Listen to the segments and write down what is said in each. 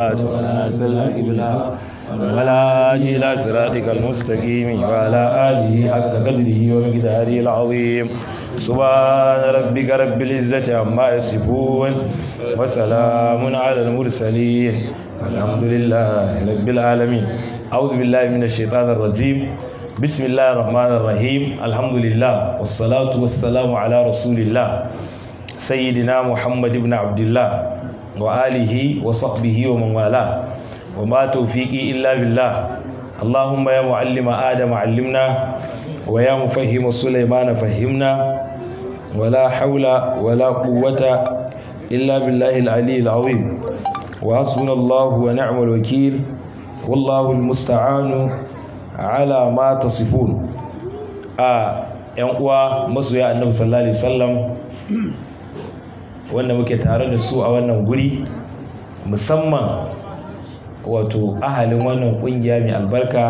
ولا سلا إبلا ولا هادي إلى صراطك المستقيم وعلى آله حق قدره ومقداره العظيم سبحان ربك رب العزة عما يصفون وسلام على المرسلين والحمد لله رب العالمين أعوذ بالله من الشيطان الرجيم بسم الله الرحمن الرحيم الحمد لله والصلاة والسلام على رسول الله سيدنا محمد بن عبد الله وآله وصحبه ومن والاه وما توفيقي إلا بالله اللهم يا معلم آدم علمنا ويا مفهم سليمان فهمنا ولا حول ولا قوة إلا بالله العلي العظيم وحسبنا الله ونعم الوكيل والله المستعان على ما تصفون آه yan uwa masoya annabi sallallahu alaihi wasallam wanda muke tare da su a wannan guri musamman wato ahalin wannan kungiya mai albarka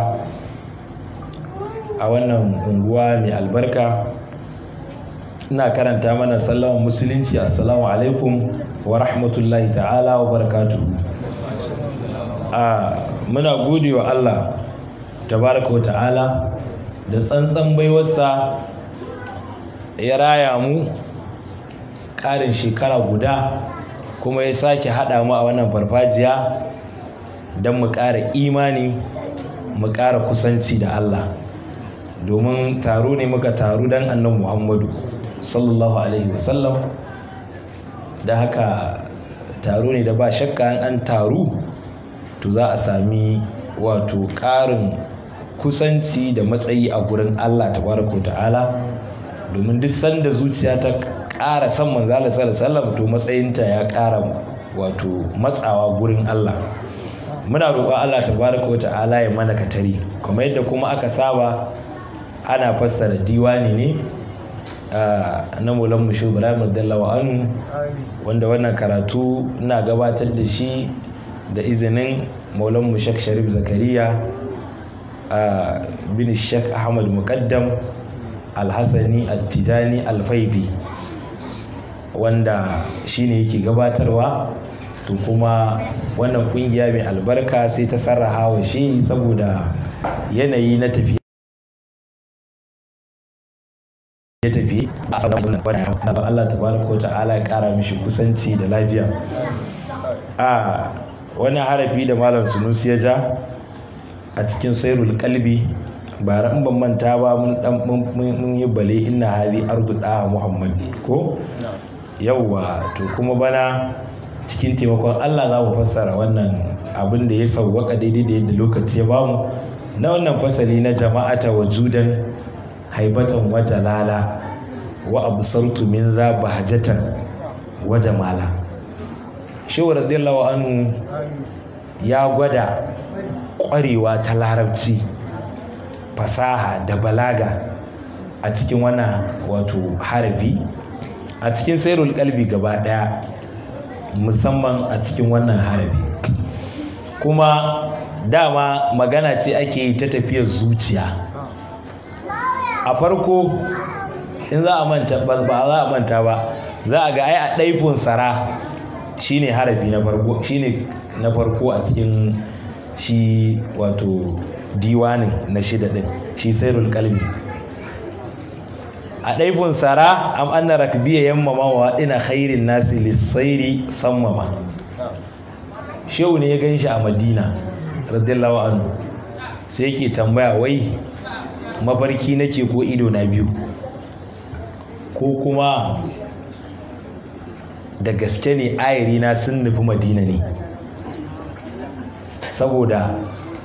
a wannan unguwa mai albarka ina karanta mana sallama musulunci assalamu alaikum wa rahmatullahi ta'ala wa barakatu a muna gode wa Allah tabaraka wa ta'ala da tsantsan baiwarsa ya raya mu karin shekara guda kuma ya sake haɗa mu a wannan farfajiya don mu ƙara imani mu ƙara kusanci da Allah domin taro ne muka taru don annan Muhammadu sallallahu alaihi wasallam da haka taro ne da ba shakka an taru to za a sami wato ƙarin kusanci da matsayi a gurin Allah tabaraka ta'ala domin duk sanda zuciya ta ƙara san manzo Allah sallallahu to matsayinta ya ƙara wato matsawa gurin Allah muna roƙon Allah tabaraka ta'ala ya mana katari kuma yadda kuma aka saba ana fassara diwani ne na mulan mushu Ibrahim Dallawa Anu wanda wannan karatu ina gabatar da shi da izinin maulan mushak sharif zakariya bin shek ahmad muqaddam alhassani attijani alfaidi wanda shine yake gabatarwa to kuma wannan kungiya mai albarka sai ta sarraha wa shi saboda yanayi na tafiya ya tafi a saman da Allah tabaraka wa ta'ala ya kara mishi kusanci da lafiya a wani harafi da malam sunusi ya ja a cikin sairul kalbi ba ran ban manta ba mun yi bale inna hali ardu da muhammad ko yauwa to kuma bana cikin taimakon Allah za mu fassara wannan abin da ya sauwaka daidai da yadda lokaci ya bamu na wannan fasali na ta wa judan haibatan wa lala wa abu sautu min za bahjatan mala. jamala shehu radiyallahu anhu ya gwada kwarewa ta larabci fasaha da balaga a cikin wannan wato harafi a cikin sairul kalbi gaba daya musamman a cikin wannan harabi kuma dama magana ce ake yi ta tafiyar zuciya a farko in za a manta ba za a manta ba za a ga ai a ɗaifin tsara shine harafi na farko a cikin shi wato diwanin na shida din shi sairul kalbi a ɗaifin sara am anna rakbiya yammama wa ina khairin nasi lissairi sammama shehu ne ya gan shi a madina radiyallahu anhu sai yake tambaya wai mafarki nake ko ido na biyu ko kuma da gaske ne ayari na sun nufi madina ne saboda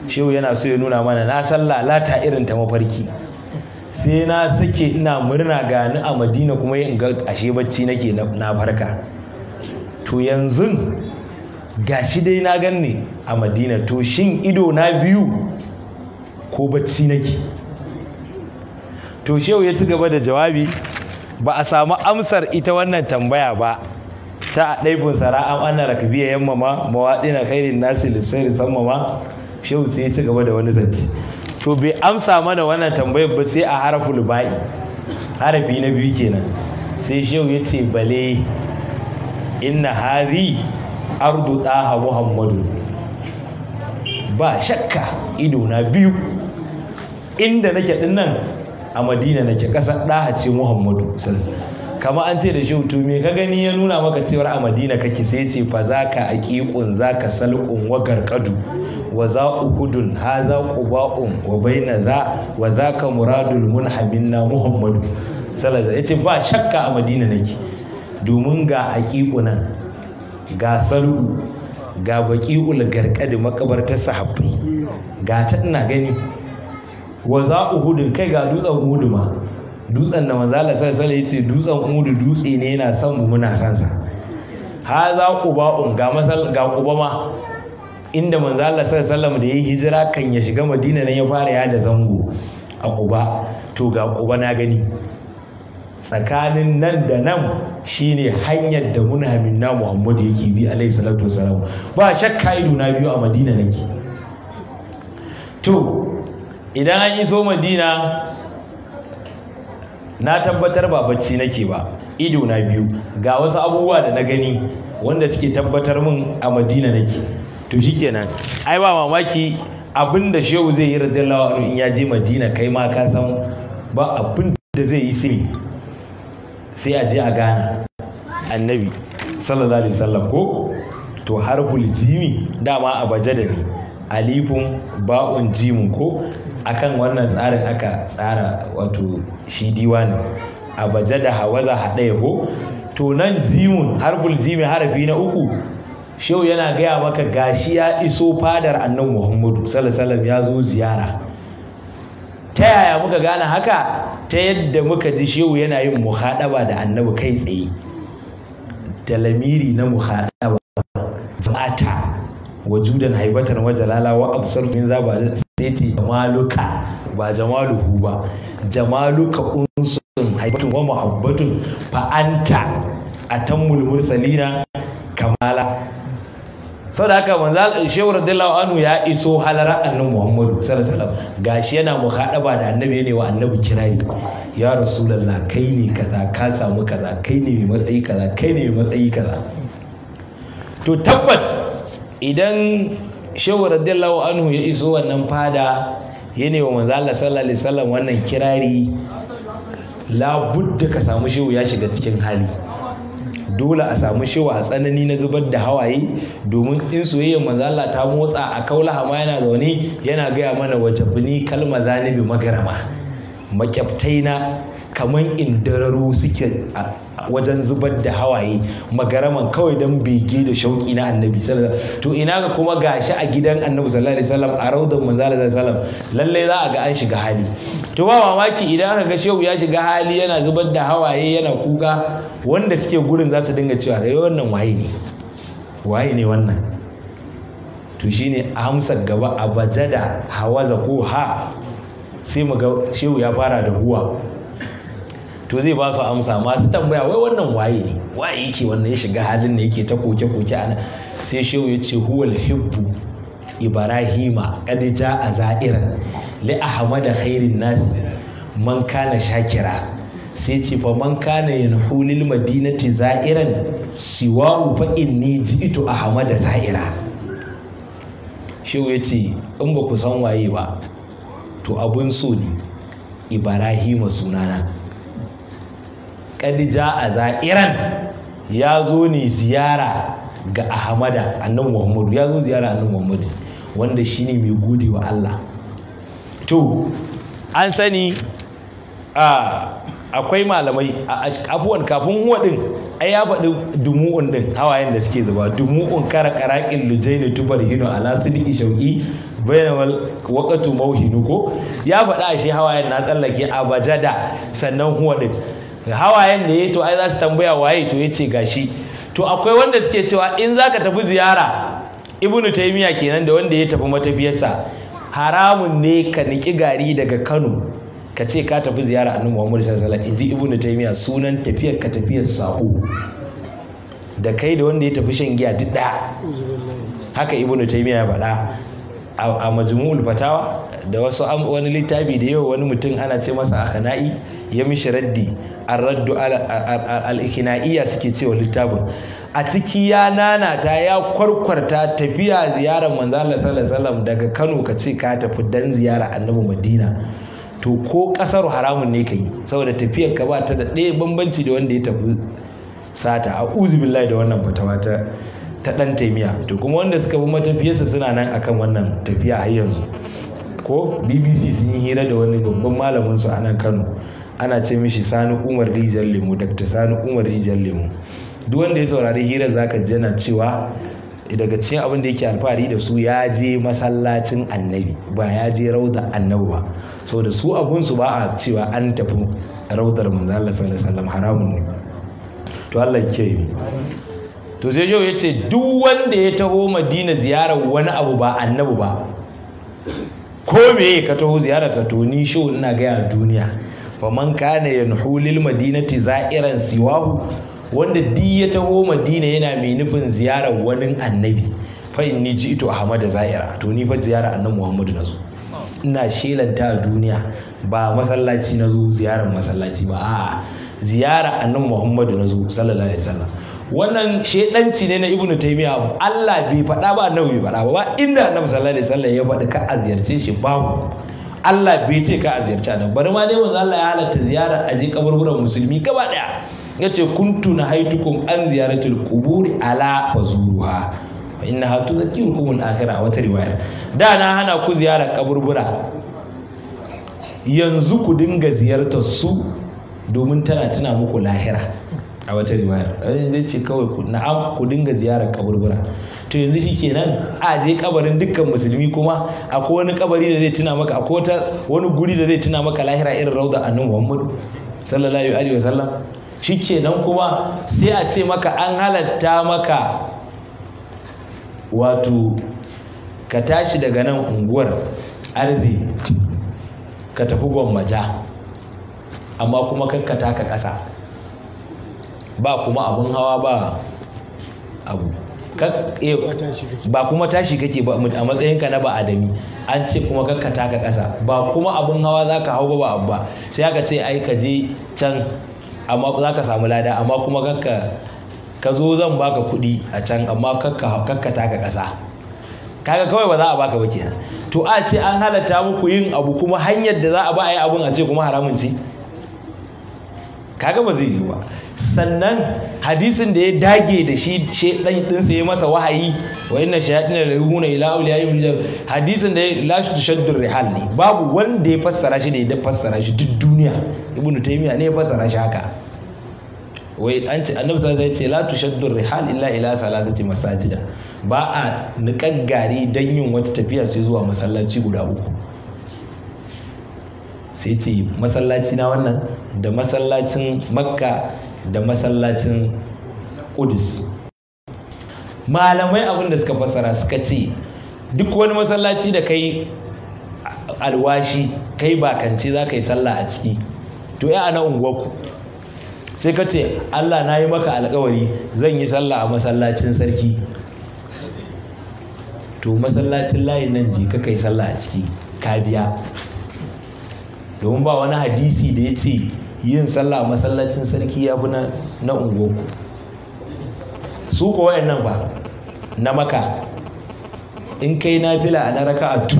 shehu yana so ya nuna mana na sallah lata irin ta mafarki sai na sake ina murna gani a madina kuma yin ga ashe bacci nake na farka to yanzu gashi dai na ganni a madina to shin ido na biyu ko bacci nake to shehu ya ci gaba da jawabi ba a samu amsar ita wannan tambaya ba ta a ɗaifin sara'am ana rakabiya yammama mawaɗi na kairin nasi da sammama shehu sai ya ci gaba da wani zati. to bai amsa mana wannan tambayar ba sai a haraful ba'i harafi na biyu kenan sai shehu ya ce bale inna hari ardu ɗaha muhammadu ba shakka ido na biyu inda nake dinnan a madina nake ƙasar ɗaha ce muhammadu sallallahu kama an ce da shi hutu me ka gani ya nuna maka cewar a madina kake sai ce fa za ka aƙiƙun za ka salƙun wa garƙadu wa za uhudun ha za ƙuba'un wa baina za wa za ka muradul munhamin na muhammadu sallallahu ya ce ba shakka a madina nake domin ga aƙiƙunan ga salu ga baƙi'ul garƙadi makabartar sahabbai ga ta ina gani wa za uhudun kai ga dutsen ma dutsen da manzo Allah sallallahu yace dutsen udu dutse ne yana son mu muna san sa haza un ga masal ga quba ma inda manzo Allah sallallahu da yayi hijira kan ya shiga Madina nan ya fara yada zango a kuba. to ga kuba na gani tsakanin nan da nan shine hanyar da muna minna Muhammad yake bi alaihi salatu wasalam ba shakka ido na biyu a Madina nake to idan an iso Madina na tabbatar ba bacci nake ba ido na biyu ga wasu abubuwa da na gani wanda suke tabbatar min a madina nake to shikenan ai ba mamaki abin shehu zai yi radiyallahu anhu in ya je madina kai ma ka san ba abin da zai yi sai sai a je a gana annabi sallallahu alaihi wasallam ko to harful jimi dama a baje da ni alifun ba'un jimin ko akan wannan tsarin aka tsara wato shi diwanin a baje da hawaza haɗe yabo to nan jimun harbul jimi harafi na uku shehu yana gaya maka gashi ya iso fadar annan muhammadu salasalam ya zo ziyara ta yaya muka gane haka ta yadda muka ji shehu yana yin muhaɗaba da annabi kai tsaye da lamiri na muhaɗaba wajudan haibatan wa jalala wa absartu min zaba sayti jamaluka ba jamaluhu ba jamaluka unsun haibatun wa muhabbatun fa anta atammul mursalina kamala saboda haka manzo Shehu radiyallahu anhu ya iso halara annabi Muhammadu sallallahu alaihi wasallam gashi yana muhadaba da annabi ne wa annabi kirari ya rasulullah kai ne kaza ka samu kaza kai ne mai matsayi kaza kai ne mai matsayi kaza to tabbas idan shehu radiyallahu anhu ya iso wannan fada ya ne wa Manzala Allah sallallahu alaihi wannan kirari labudda ka samu shehu ya shiga cikin hali dole a samu shehu a tsanani na zubar da hawaye domin in soyayyar Manzala ta motsa a kaulaha ma yana zaune yana gaya mana wace bini kalma zanibi magarama makyaftaina kamar indararu suke wajen zubar da hawaye magaraman kawai don bege da shauki na annabi to ina ga kuma gashi a gidan annabi sallallahu alaihi wasallam a raudan manzala da Sallam? Lallai za a ga an shiga hali to ba mamaki idan aka ga shehu ya shiga hali yana zubar da hawaye yana kuka wanda suke gurin za su dinga cewa rai wannan waye ne waye ne wannan to shine amsar gaba bajada hawaza ko ha sai mu ga shehu ya fara da huwa to zai ba su amsa masu tambaya wai wannan waye ne waye yake wannan ya shiga halin da yake ta koke koke ana sai shehu ya ce huwal hibbu ibrahima kadita a za'iran li ahmada khairin nas man kana shakira sai ce fa man kana yanhu lil madinati za'iran siwa'u fa inni ji'tu ahmada za'ira shehu ya ce in ba ku san waye ba to abun so ne ibrahima sunana kadija a za'iran ya zo ne ziyara ga ahmada annabi muhammadu ya zo ziyara annabi muhammadu wanda shine mai gode wa allah to an sani akwai malamai a abuwan kafin huwa a ya faɗi dumu'un din hawayen da suke zuba dumu'un kara karaƙin lujaini tubar hino a sidi ishauki bayan wakatu mauhinu ko ya faɗa a shi hawayen na tsallake a bajada sannan huwa hawayen da ya to ai za su tambaya waye to ya ce gashi to akwai wanda suke cewa in za ka tafi ziyara ibnu taimiya kenan da wanda ya tafi matafiyarsa haramun ne ka niki gari daga kano ka ce ka tafi ziyara annabi muhammad sallallahu alaihi wasallam inji ibnu taimiya sunan tafiyar ka tafiyar sako da kai da wanda ya tafi shan giya duk ɗaya haka ibnu taimiya ya faɗa a majmu'ul fatawa da wasu wani littafi da yau wani mutum ana ce masa akhana'i ya mishi raddi a raddu al suke cewa littafin a ciki ya nanata ya kwarkwarta tafiya ziyarar manzala daga Kano ka ce ka tafi dan ziyara annabi Madina to ko kasar haramun ne ka yi saboda tafiyar ka ba ta da ɗaya bambanci da wanda ya tafi sata a billahi da wannan fatawa ta ta dan to kuma wanda suka bi matafiyarsa suna nan akan wannan tafiya har yanzu ko bbc sun yi hira da wani babban malamin su a nan kano ana ce mishi sani umar rijiyar lemu dr sani umar rijiyar lemu duk wanda ya saurari hirar zaka ji yana cewa daga cikin abin da yake alfahari da su ya je masallacin annabi ba ya je rauda annabi ba da su abunsu ba a cewa an tafi raudar manzo Allah sallallahu haramun ne to Allah ke to sai yau yace duk wanda ya taho Madina ziyarar wani abu ba annabi ba ko me ka taho ziyararsa to ni shi ina gaya duniya faman kana ya lil madinati za'iran siwahu wanda duk ya taho madina yana mai nufin ziyarar wani annabi fa inni ji ito ahmad za'ira to ni fa ziyarar annabi muhammadu nazo ina shelanta a duniya ba masallaci nazo ziyarar masallaci ba a'a ziyarar annabi muhammadu nazo sallallahu alaihi wasallam wannan shedanci ne na ibnu taymiya Allah bai faɗa ba annabi bai faɗa ba inda annabi sallallahu alaihi wasallam ya faɗi ka a ziyarce shi babu Allah bai ce ka a ziyarci nan. bari ma dai manzo Allah ya halatta ziyara a je kaburburan musulmi gaba daya yace kuntu na haitukum an ziyaratul quburi ala fazuruha fa hatu tudhakkirukum al-akhirah wata riwaya da na hana ku ziyara kaburbura yanzu ku dinga ziyartar su domin tana tuna muku lahira a wata riwaya zai ce kawai na'am ku dinga ziyarar kaburbura to yanzu shi kenan a je kabarin dukkan musulmi kuma akwai wani kabari da zai tuna maka akwai wani guri da zai tuna maka lahira irin rauda annabi Muhammad sallallahu alaihi wasallam shi kenan kuma sai a ce maka an halatta maka wato ka tashi daga nan unguwar arzi ka tafi gwammaja amma kuma kakkata ka ƙasa ba kuma abin hawa ba abu eh, ba kuma tashi kake ba a matsayinka na ba adami an ce kuma kakka taka ƙasa ba kuma abin hawa za ka hau ba ba abu ba sai aka ce ai ka je can amma za ka samu lada amma kuma kakka ka zo zan baka kuɗi a can amma kakka taka ƙasa kaga kawai ba za a baka ba kenan to a ce an halatta muku yin abu kuma hanyar da za a ba a yi abun a ce kuma haramun ce kaga ba zai yi ba sannan hadisin da ya dage da shi shedan din sa ya masa wahayi wa inna shayatin la yuhuna ila awliya ibn hadisin da ya la tushaddu rihal ne babu wanda ya fassara shi da ya fassara shi duk duniya ibnu taymiya ne ya fassara shi haka wai an ce annabi sallallahu alaihi ce la tushaddu rihal illa ila thalathati masajida ba a niƙar gari don yin wata tafiya sai zuwa masallaci guda uku sai ce masallaci na wannan da masallacin makka da masallacin kudus malamai abin da suka fassara suka ce duk wani masallaci da kai alwashi kai bakance za ka yi sallah a ciki to ya ana unguwaku? sai ka ce allah na yi maka alkawari zan yi sallah a masallacin sarki to masallacin layin nan je ka kai sallah a ciki ka biya domin ba wani hadisi da ya ce yin sallah a masallacin sarki ya fi na unguwarku su yan nan ba na maka in kai na fila a na A tu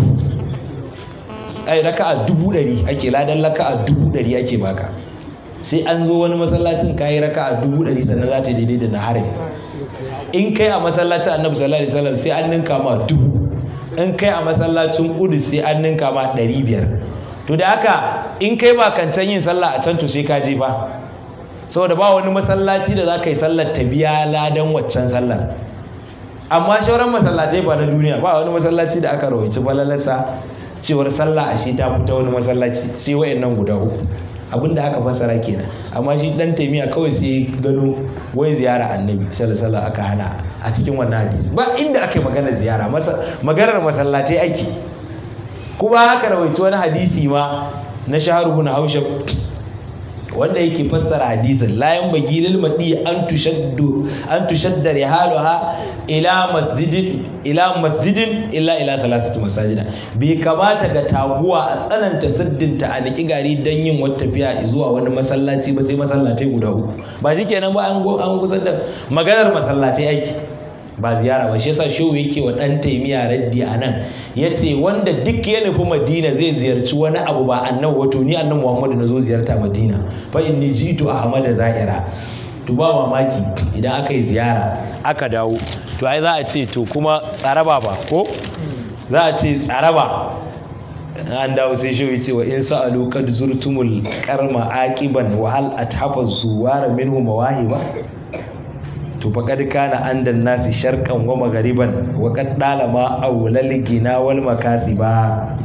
ai a dubu ɗari ake ladan a dubu ɗari ake baka sai an zo wani masallacin ka yi a dubu ɗari sannan za ta yi daidai da na harin in kai a masallacin annabi sallallahu alaihi wasallam sai an ninka ma dubu in kai a masallacin kudu sai an ninka ma ɗari biyar to da haka in kai ba kancan yin sallah a can to sai ka je ba saboda ba wani masallaci da za ka yi sallar ta biya ladan waccan sallar amma shauran masallatai ba na duniya ba wani masallaci da aka rawaci balalasa cewar sallah a shi ta fita wani masallaci sai wayannan guda uku abinda aka fassara kenan amma shi dan taimiya kawai sai gano wai ziyara annabi sallallahu aka hana a cikin wannan hadisi ba inda ake magana ziyara maganar masallatai ake kuma haka rawaici wani hadisi ma na shaharubun haushab wanda yake fassara hadisin layan bagi lil an tushaddu an halu ha ila masjidin ila masjidin illa ila salatu masajida bai kamata ga taguwa a tsananta siddinta a niki gari dan yin wata tafiya zuwa wani masallaci ba sai masallatai guda uku ba shikenan ba an gusar da maganar masallatai aiki ba ziyara ba shi yasa shehu yake wa dan taimiya raddi a nan ya ce wanda duk ya nufi madina zai ziyarci wani abu ba annabi wato ni annabi muhammadu na zo ziyarta madina fa in inni jitu ahmada za'ira to ba mamaki idan aka yi ziyara aka dawo to ai za a ce to kuma tsaraba ba ko za a ce tsaraba an dawo sai shi ce wa in sa'alu kad zurtumul karma aqiban wa hal athafa zuwara minhu mawahiba to faƙad kana andan nasi sharqan wa magariban wa kad dalama awlal gina wal makasiba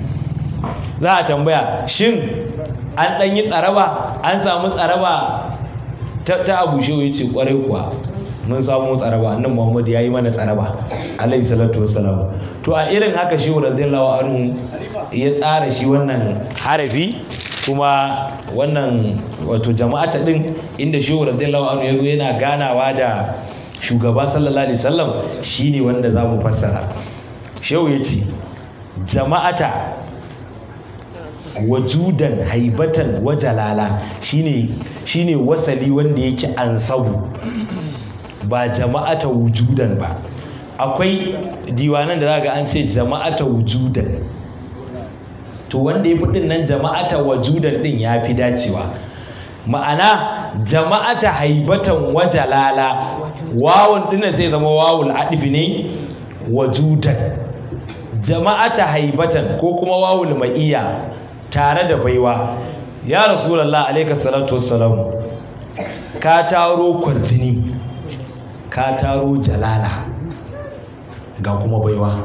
za a tambaya shin an ɗan yi tsaraba an samu tsaraba ta abu shehu ya ce kwarai kuwa mun samu tsaraba annan muhammad ya yi mana tsaraba alayhi salatu wassalam to a irin haka shehu radiyallahu anhu ya tsara shi wannan harafi kuma wannan wato jama'ata din inda shehu radiyallahu anhu yazo yana ganawa da shugaba sallallahu alaihi wasallam shine wanda za fassara shehu yace ce jama'ata wajudan haibatan wajalala shine shine wasali wanda yake ansabu ba jama'ata wujudan ba akwai diwanan da za ga an ce jama'ata wujudan to wanda ya fi din nan jama'ata wajudan din ya fi dacewa ma'ana jama'ata haibatan wajalala wawon dinnan sai zama wawul adifi ne wajudan jama'ata haibatan ko kuma wawul ma'iya tare da baiwa ya rasulallah alaika salatu wassalamu ka taro kwarjini ka taro jalala ga kuma baiwa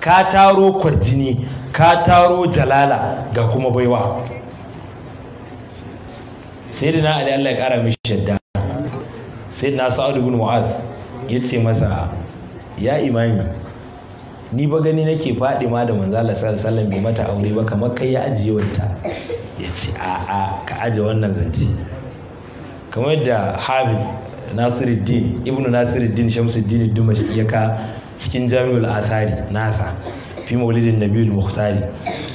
ka taro kwarjini ka taro jalala ga kuma baiwa sai da na ali allah ya kara mishi shadda sai da na sa'adu bin mu'az ya ce masa ya imami ni ba gani nake faɗi ma da manzala sallallahu bai mata aure ba kamar kai ya ajiye wata ya ce a'a ka aje wannan zance kamar da hafiz nasiruddin ibnu nasiruddin shamsuddin dumashi ya ka cikin jami'ul athari nasa fi maulidin nabiyul muhtari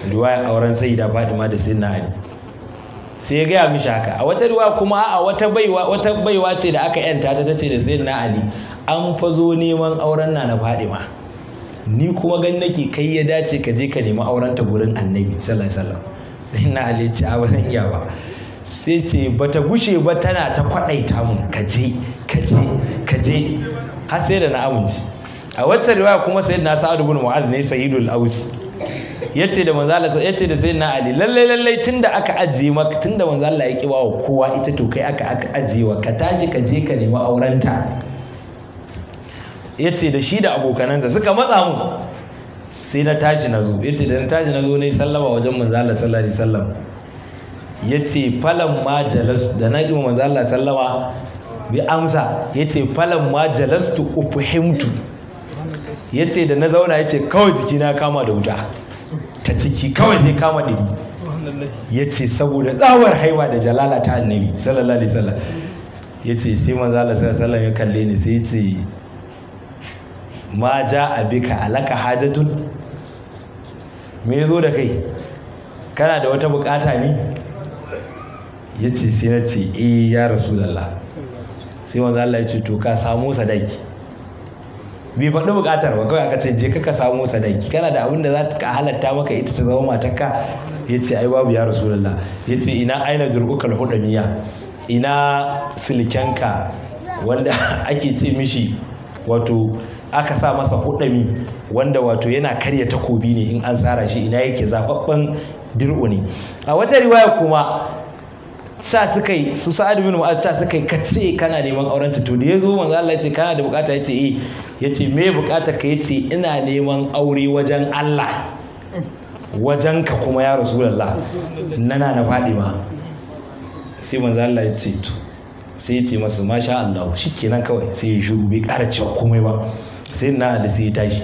riwaya auren sayyida fadima da na ali sai ya gaya mishi haka a wata riwaya kuma a wata baiwa wata baiwa ce da aka yanta ta tace da na ali an zo neman auren na na ma ni kuma gan nake kai ya dace ka je ka nemi auren ta gurin annabi sallallahu alaihi wasallam sayyidina ali ce a bazan iya ba sai ce bata gushe ba tana ta kwadaita mun ka je ka je ka je har sai da na amince a wata riwaya kuma sayyidina sa'ad ibn mu'adh ne sayyidul aus yace da manzo Allah yace da sayyidina ali lalle lalle tunda aka ajiye maka tunda manzo Allah ya kiwa wa kowa ita to kai aka aka ajiye wa ka tashi ka je ka nemi aurenta yace da shi da abokanansa suka matsa mu sai na tashi na zo yace da na tashi na zo ne sallama wajen manzo Allah sallallahu alaihi wasallam yace falan ma da na yi manzo Allah sallama bi amsa yace falan ma jalastu ufhimtu ya ce da na zauna ya ce kawai jikina kama da wuta ta ciki kawai sai kama ɗimi ya ce saboda tsawar haiwa da jalala ta annabi sallallahu alaihi wasallam ya ce sai manzo Allah sallallahu alaihi ya kalle ni sai ya ce ma ja abika alaka hajatun me yazo zo da kai kana da wata bukata ne ya ce sai na ce eh ya rasu lalla sai wanzu Allah ya ce to ka samu sadaki bai faɗi buƙatar ba kawai aka ce je ka ka samu sadaki kana da abin da za ka halatta maka ita ta zama matarka ya ce ai babu ya rasulullah ya ce ina aina durƙukal hudamiya ina silkenka wanda ake ce mishi wato aka sa masa hudami wanda wato yana karya takobi ne in an tsara shi ina yake zaɓaɓɓen dir'u ne a wata riwaya kuma sa suka yi su sa'ad bin mu'ad sa suka yi kace kana neman auren ta to da yazo manzo Allah ce kana da bukata ce eh ce me bukata ka ce ina neman aure wajen Allah wajen ka kuma ya rasulullah nana na fadi ma sai manzo Allah ce to sai ya ce masa masha Allah shikenan kawai sai ya shiru bai ƙara cewa komai ba sai na da sai ya tashi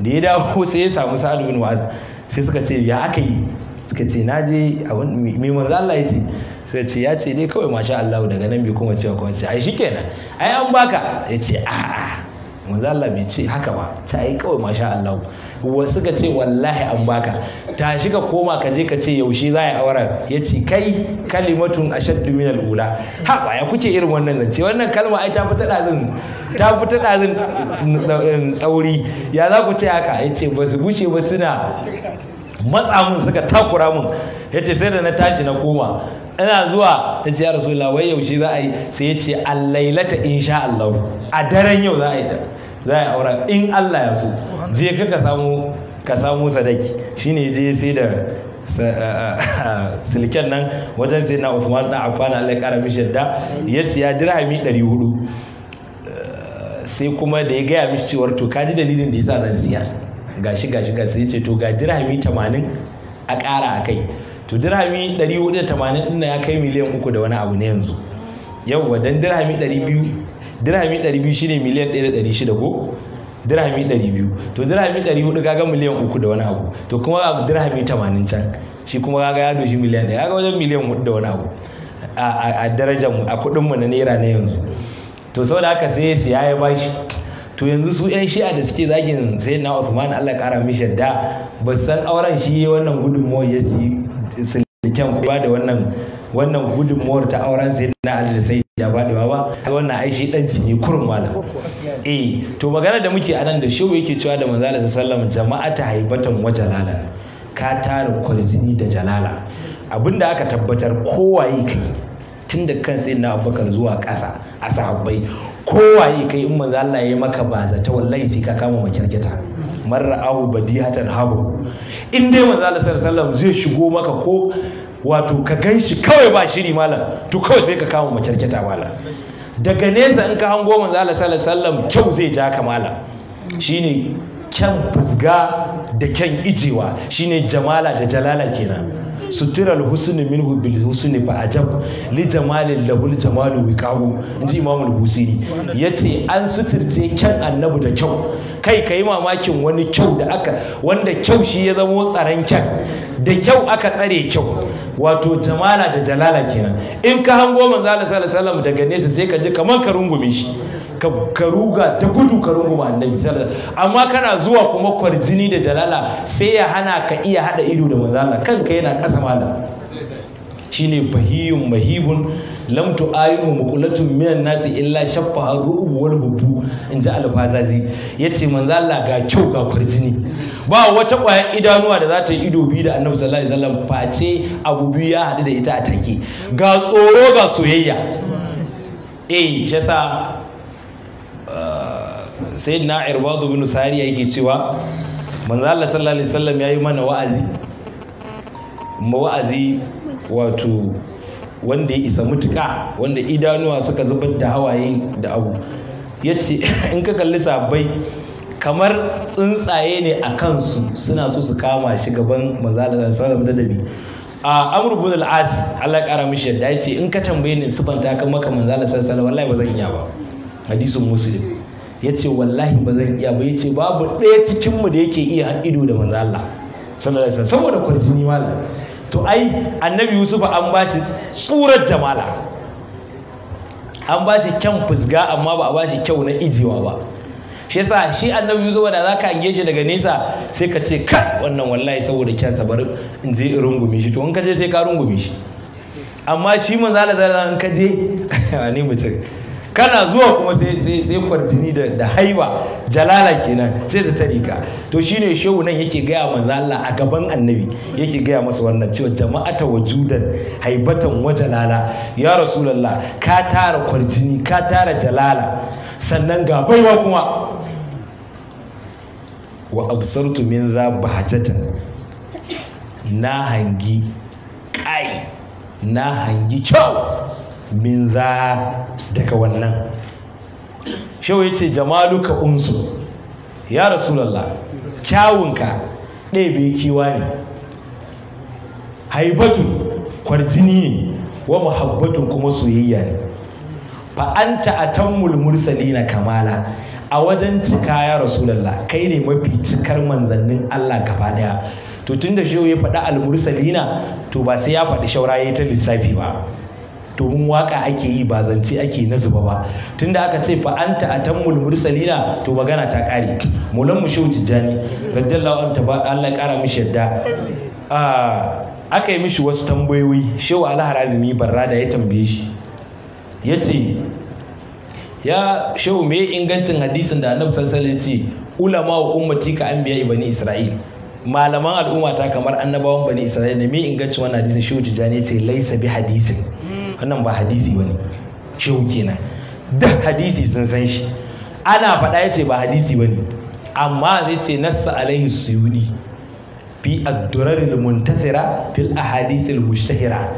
da ya dawo sai ya samu sa'ad bin mu'ad sai suka ce ya aka yi suka ce na je mai manzo Allah ce sai ce ya ce dai kawai masha Allah daga nan bai kuma cewa kuma ce ai shikenan ai an baka ya ce a'a manzo Allah bai ce haka ba ta yi kawai masha Allah wasu ka ce wallahi an baka tashi ka koma ka je ka ce yaushe za a aura ya ce kai kalimatun ashaddu min al-ula ha ba ya kuce irin wannan zance wannan kalma ai ta fita dazin ta fita dazin tsauri ya za ku ce haka ya ce ba su gushe ba suna matsa mun suka takura mun ya ce sai da na tashi na koma ina zuwa ta ce ya lawai wai yaushe za a yi sai ya ce allailata insha Allah a daren yau za a yi za a yi aura in Allah ya so je ka ka samu ka samu sadaki shine je sai da eh, eh, silken nan wajen sai na Uthman dan Affan Allah ya kara mishi da ya siya dirhami 400 eh, sai kuma da ya gaya mishi cewar to kaji dalilin da yasa zan siya ga shi ga shi ga sai ce to ga dirhami 80 a ƙara a kai to dirhami 480 ɗin ya kai miliyan uku da wani abu ne yanzu yawwa dan dirhami 200 dirhami 200 shine miliyan 1.600 ko dirhami 200 to dirhami 400 kaga miliyan uku da wani abu to kuma a dirhami 80 can shi kuma kaga ya doshi miliyan 1 kaga wajen miliyan 4 da wani abu a darajar mu a kudin mu na naira na yanzu to saboda haka sai ya siya ya bashi to yanzu su yan shi'a da suke zagin sai na Uthman Allah kara mishi da ba san auren shi wannan gudunmuwar ya si sulken ba da wannan wannan gudunmuwar ta auren sai na Ali da sai ya ba ba wannan ai shi dan cinye kurun malam eh to magana da muke anan da shehu yake cewa da manzo Allah sallallahu jama'a ta haibatan wajalala ka tara kurzini da jalala abinda aka tabbatar kowaye kai tun da kan sai na abubakar zuwa ƙasa a sahabbai kowaye kai in manzo Allah ya maka ba zata wallahi sai ka kama makirkita marra ra'ahu badihatan hagu in dai manzo Allah sallallahu alaihi wasallam zai shigo maka ko wato ka ganshi kawai ba shiri malam to kawai sai ka kama makirkita malam daga nesa in ka hango manzo Allah sallallahu alaihi wasallam kyau zai ja ka malam shine kyan fusga da kyan ijewa shine jamala da jalala kenan Suturar husni minhu bil husni fa ajab li jamalin lahul jamalu wiqahu inji imamu al yace an suturce kyan annabi da kyau kai kai mamakin wani kyau da aka wanda kyau shi ya zamo tsaron kyan da kyau aka tsare kyau wato jamala da jalala kenan in ka hango manzo sallallahu alaihi wasallam daga nesa sai ka ji kamar ka rungume shi ka ruga ta gudu ka runguma annabi amma kana zuwa kuma kwarjini da jalala sai ya hana ka iya hada ido da manzala kanka yana kasa malam shine bahiyun mahibun lam tu'ayinu minan nasi illa shaffa ru'ub wal hubu in ji alfazazi yace manzo Allah ga kyau ga Kwarjini. ba wata kwaya idanuwa da za ta yi ido biyu da annabi sallallahu alaihi wasallam face abu biyu ya haɗu da ita a take ga tsoro ga soyayya eh shi yasa na irbadu bin sariya yake cewa manzo Allah sallallahu alaihi wasallam yayi mana wa'azi wa'azi wato wanda ya isa mutuka wanda idanuwa suka zubar da hawaye da abu ya ce in ka kalli sabbai kamar tsuntsaye ne a kansu suna so su kama shi gaban manzala sallam da dabi a amr bin al-as Allah kara mishi yadda ya ce in ka tambaye ni sifanta kan maka manzala sallallahu alaihi wasallam wallahi ba zan iya ba hadisin muslim ya ce wallahi ba zan iya ba ya ce babu ɗaya cikinmu da yake iya ido da manzo Allah sallallahu alaihi saboda kwarjini mala to ai annabi yusuf an ba shi tsurar jamala an ba shi kyan fusga amma ba a ba shi kyau na ijiwa ba shi yasa shi annabi yusuf da za ka hange shi daga nesa sai ka ce ka wannan wallahi saboda kyansa bari in je in rungume shi to in ka je sai ka rungume shi amma shi manzo Allah zai in ka je ne mutum kana zuwa kuma sai sai kwarjini da da haiwa jalala kenan sai ta tarika To to shine shehu nan yake gaya manzo Allah a gaban annabi yake gaya masa wannan cewa jama'a jama'ata wajudan haibatan wa jalala ya rasulullah ka tara kwarjini ka tara jalala sannan ga baiwa kuma wa absartu min za bahajatan na hangi kai na hangi kyau min za daga wannan Shau ya ce jamaluka unsu ya rasulallah kyawunka ɗebe kewa ne haibatu kwarjini ne wa muhabbatun kuma soyayya ne fa anta atammul mursalina kamala a wajen cika ya rasulallah kai ne mafi cikar manzannin Allah gaba daya to tunda shehu ya faɗi al mursalina to ba sai ya faɗi shauraye ta lissafi ba domin waka ake yi ba zance ake na zuba ba tunda aka ce fa anta atammul mursalina to magana ta kare mulan mushu tijjani radiyallahu anhu ba Allah kara mishi yadda ah, aka yi mishi wasu tambayoyi shehu alharazimi barra da ya tambaye shi ya ce ya shehu me ingancin hadisin da annabi sallallahu alaihi wasallam ya ce ulama wa ummati ka anbiya ibani isra'il malaman al'umma ta kamar annabawan bani isra'il ne me ingancin wannan hadisin shehu ya ce laisa bi hadisin wannan ba hadisi bane shehu kenan duk hadisi sun san shi ana faɗa ya ce ba hadisi bane amma zai ce nasa alaihi suyuni fi ad-durar al fil ahadith al-mushtahira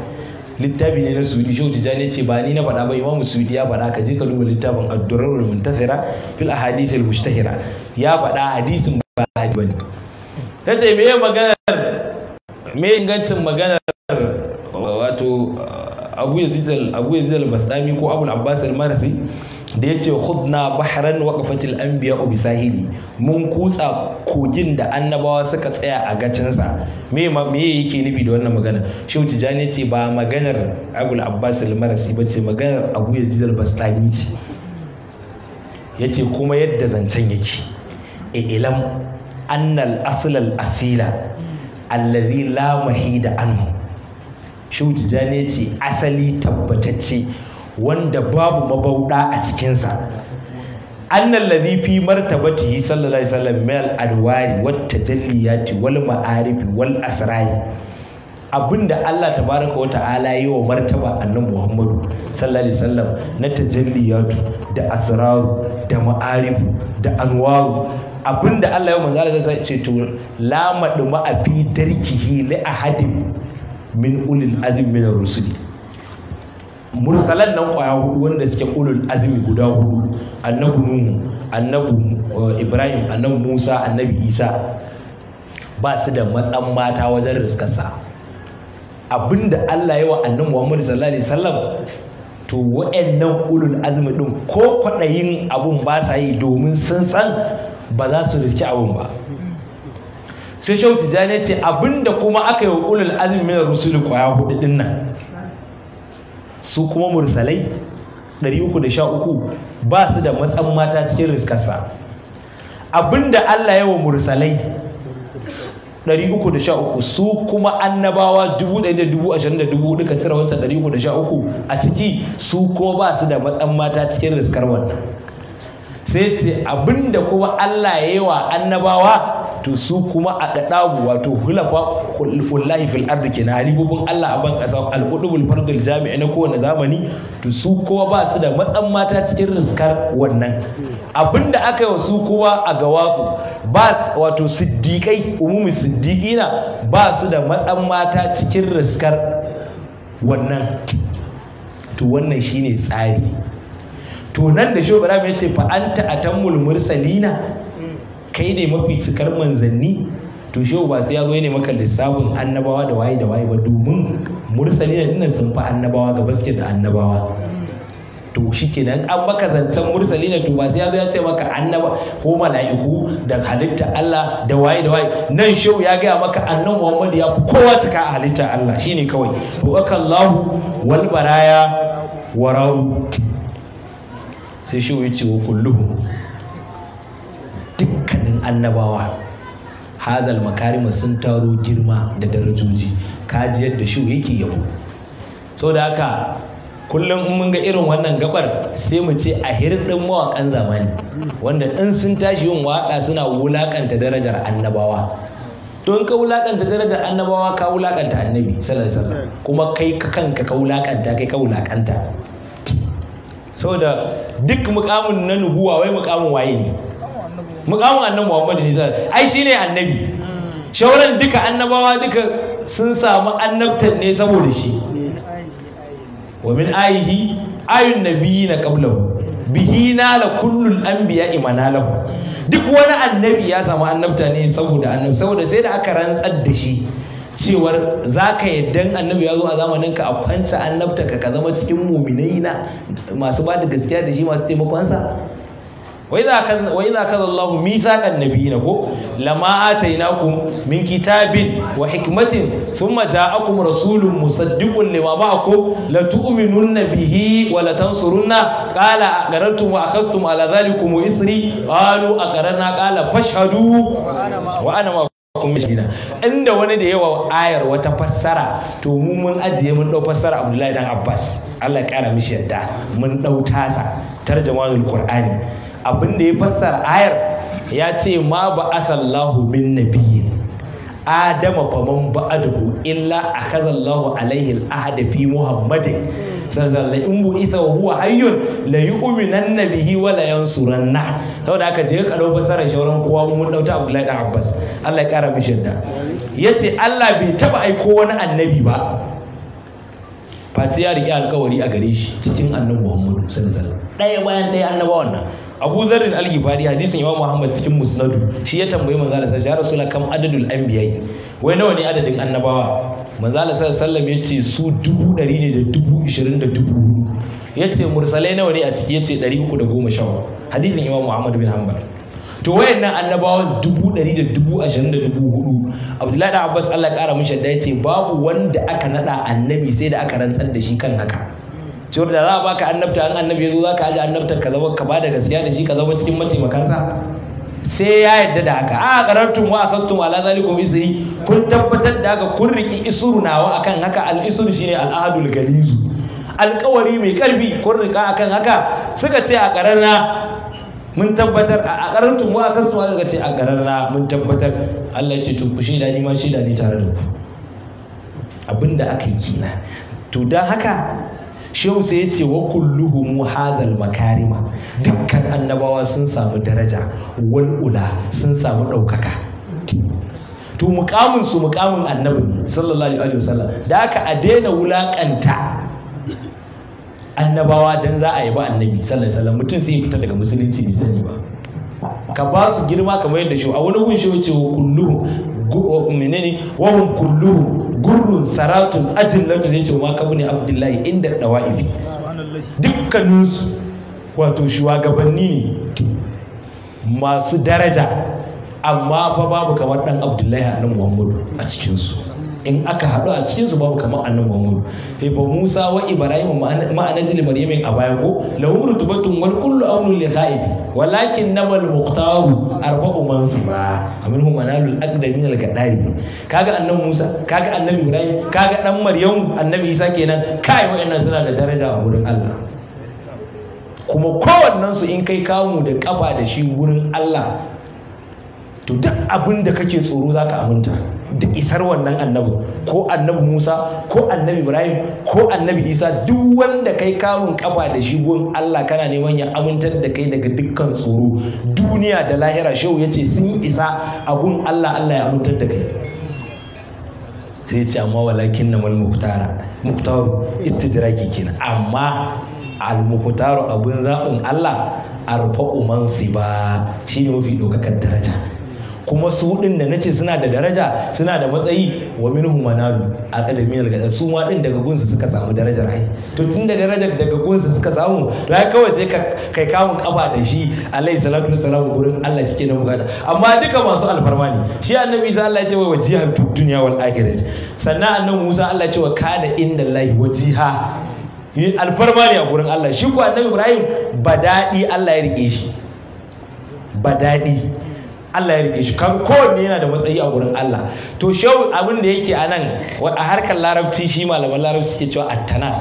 littafi ne na sudi shehu tijani ce ba ni na faɗa ba imamu sudi ya faɗa ka je ka duba littafin ad-durar al muntazira fil ahadith al-mushtahira ya faɗa hadisin ba hadisi bane ce me maganar me ingancin maganar wato abu yazid al ko abul abbas al-marasi da ya ce hudna bahran an anbiya bi sahili mun kutsa kogin da annabawa suka tsaya a gacinsa me me yake nufi da wannan magana shehu tijani ce ba maganar abul abbas al-marasi ba ce maganar abu yazid al-basdami ce yace kuma yadda zancen yake ilam annal aslal asila allazi la mahida anhu shehu tijjani ce asali tabbatacce wanda babu mabauɗa a cikinsa An ladhi fi yi sallallahu alaihi wasallam mal alwari wat tajalliyati wal ma'arifi wal asrai abinda Allah tabaraka wa ta'ala yi wa martaba annan Muhammadu sallallahu alaihi wasallam na tajalliyatu da asraru da ma'arifu da anwaru abinda Allah ya wa Allah sai ce to la maafi a fi darkihi li ahadin min ulil azim min rusul mursalan nan kwaya hudu wanda suke ulul azimi guda hudu annabi nuhu annabi eh, ibrahim annabi musa annabi isa ba su da matsan mata wajen riskarsa abinda allah ya wa annabi muhammadu sallallahu alaihi wasallam to wa'annan ulul azmi din ko kwadayin abun ba sa yi domin sun san ba za su riski abun ba sai shehu tijjani ce abinda kuma aka yi wa ulul azmi min rusuli kwaya hudu din nan su kuma mursalai 313 ba su da matsan mata cikin riskarsa abinda Allah ya wa mursalai 313 su kuma annabawa 1,020,000 duka cire wancan 313 a ciki su kuma ba su da matsan mata cikin riskar wannan sai ce abinda kuma Allah ya yi wa annabawa to su kuma a ɗaɗabu wato hulafa kullahi fil ardi na halibobin Allah a ban ƙasa al'udubul fardul jami'a na kowane zamani to su kuma ba su da matsan mata cikin riskar wannan abinda aka yi su kuma a gawafu ba wato siddiƙai umumi siddiƙina ba su da matsan mata cikin riskar wannan to wannan shine tsari to nan da shobara ya ce fa anta atammul mursalina kai ne mafi cikar manzanni to shehu ba sai ya zo ne maka lissafin annabawa da waye da waye ba domin mursali da dinnan sun fi annabawa ga basket da annabawa to shi kenan an maka zancen mursali na to ba sai ya zo ya ce maka annaba ko mala'iku da halitta Allah da waye da waye nan shehu ya gaya maka annan Muhammad ya fi kowa cika a halitta Allah shine kawai to akallahu wal baraya warau sai shi ya ce wa kulluhu dukkan annabawa hazal makarima sun taro girma da darajoji kaji yadda shu yake yabo so da haka kullum in mun ga irin wannan gabar sai mu ce a hirin ɗan mawaƙan zamani wanda in sun tashi yin waƙa suna wulaƙanta darajar annabawa don ka wulaƙanta darajar annabawa ka wulaƙanta annabi sallallahu kuma kai ka kanka ka wulaƙanta kai ka wulaƙanta saboda duk mukamin na nubuwa wai mukamin waye ne mukamin annabi muhammadu ne ai shine annabi shauran duka annabawa duka sun samu annabtan ne saboda shi wa min ayihi ayun nabiyina qablahu bihi nala kullul anbiya imanalahu duk wani annabi ya samu annabta ne saboda annabi saboda sai da aka rantsar da shi cewar za ka yadda annabi ya zo a zamanin ka a kwanta annabta ka ka zama cikin muminai na masu ba da gaskiya da shi masu taimakonsa wai za ka zallahu mithaƙan nabi ko lama atainakum min kitabin wa hikmatin sun maja akum rasulun musaddiqun lima ma'akum la tu'minunna bihi wa la tansurunna qala aqarartum wa akhadhtum ala dhalikum isri qalu aqararna qala fashhadu wa ana ma inda wani da yawa ayar wata fassara to mu mun ajiye mun dau fassara Abdullahi dan Abbas Allah ya kara mishi yadda mun dau tasa tarjamanul Qur'ani abin da ya fassara ayar ya ce ma ba asallahu min nabiyyin adama faman ba'adahu illa akazallahu alaihi al fi muhammadin sanzalla in bu ita huwa hayyun la yu'minan nabihi wa la yansuranna saboda aka je ka dau basarar shauran kowa mun dauta Abdullahi dan Abbas Allah ya kara mishi da yace Allah bai taba aiko wani annabi ba Fati ya riƙe alƙawari a gare shi cikin annabi Muhammadu sanzalla alaihi ɗaya bayan ɗaya annabawan nan abu zarin al-gifari hadisin imam muhammad cikin musnadu shi ya tambayi manzo Allah sallallahu alaihi wasallam kam adadul anbiya wai nawa ne adadin annabawa manzo da sallallahu alaihi wasallam yace su dubu ɗari ne da dubu ishirin da dubu yace mursalai nawa ne a ciki yace ɗari uku da goma sha hadisin imam muhammad bin hanbal to nan annabawa dubu ɗari da dubu ashirin da dubu hudu abdullahi abbas allah ƙara mishi da yace babu wanda aka naɗa annabi sai da aka rantsar da shi kan haka cewar da za a baka annabta an annabi ya zo za ka aji annabtar ka zama ka bada gaskiya da shi ka zama cikin mataimakansa sai ya yadda da haka a qarartum wa akastum ala zalikum isri kun tabbatar da haka kun riki isuru nawa akan haka al isru shine al ahadul galizu alkawari mai karfi kun rika akan haka suka ce a qararna mun tabbatar a qarartum wa akastum aka ce a qararna mun tabbatar Allah ya ce to ku shaida ni ma shaida ni tare da ku abinda aka yi kenan to dan haka shehu sai ya ce wa mu hadal makarima dukkan annabawa sun samu daraja wal ula sun samu ɗaukaka to mukamin su mukamin annabi sallallahu alaihi wasallam da aka a daina wulakanta annabawa dan za a yi ba annabi sallallahu alaihi wasallam mutum sai ya fita daga musulunci bai sani ba ka ba su girma kamar yadda shehu a wani gun shehu ce wa kulluhu menene wa kulluhu gurrun saratun ajin lauta ne ce maka ne abdullahi inda ɗawa'ibi dukkaninsu wato shugabanni ne masu daraja amma fa babu kamar dan abdullahi a nan muhammadu a cikinsu in aka haɗu a cikin su babu kamar annabi Muhammad hebo Musa wa Ibrahim ma'ana jini Maryam a baya ko lahum tubatun wal kullu amrun li khaib walakin nabal muqtar arba'u mansiba aminhum analul ɗari al Ka kaga annan Musa kaga annan Ibrahim kaga dan Maryam annabi Isa kenan kai wayannan suna da daraja a wurin Allah kuma su in kai kamu da kafa da shi wurin Allah to duk abin da kake tsoro za ka aminta da isar wannan annabi ko annabi musa ko annabi ibrahim ko annabi isa duk wanda kai karun kafa da shi gun allah kana neman ya amintar da kai daga dukkan tsoro duniya da lahira shehu ya ce sun isa a gun allah allah ya amintar da kai sai ce amma walakin na mal muktara muktaru istidraki kenan amma al muktaru abun zaɓin allah arfa'u man ba ne mafi ɗaukakar daraja kuma su din da nace suna da daraja suna da matsayi wa humanalu a aqdamin gada. su ma din daga gunsu suka samu darajar hai to tun da darajar daga gunsu suka samu to ya kawai sai ka kai kamun kafa da shi alaihi salatu wassalamu gurin Allah shi ke na bukata amma duka masu alfarma ne shi annabi Isa Allah ya ce wa wajihan fid dunya wal akhirah sannan annabi Musa Allah ya ce wa kana inda lahi wajiha alfarma ne a gurin Allah shi ko annabi Ibrahim ba daɗi Allah ya rike shi ba daɗi Allah ya rike shi kan kowanne yana da matsayi a gurin Allah to shau abin da yake a nan a harkar larabci shi malaman larabci suke cewa attanas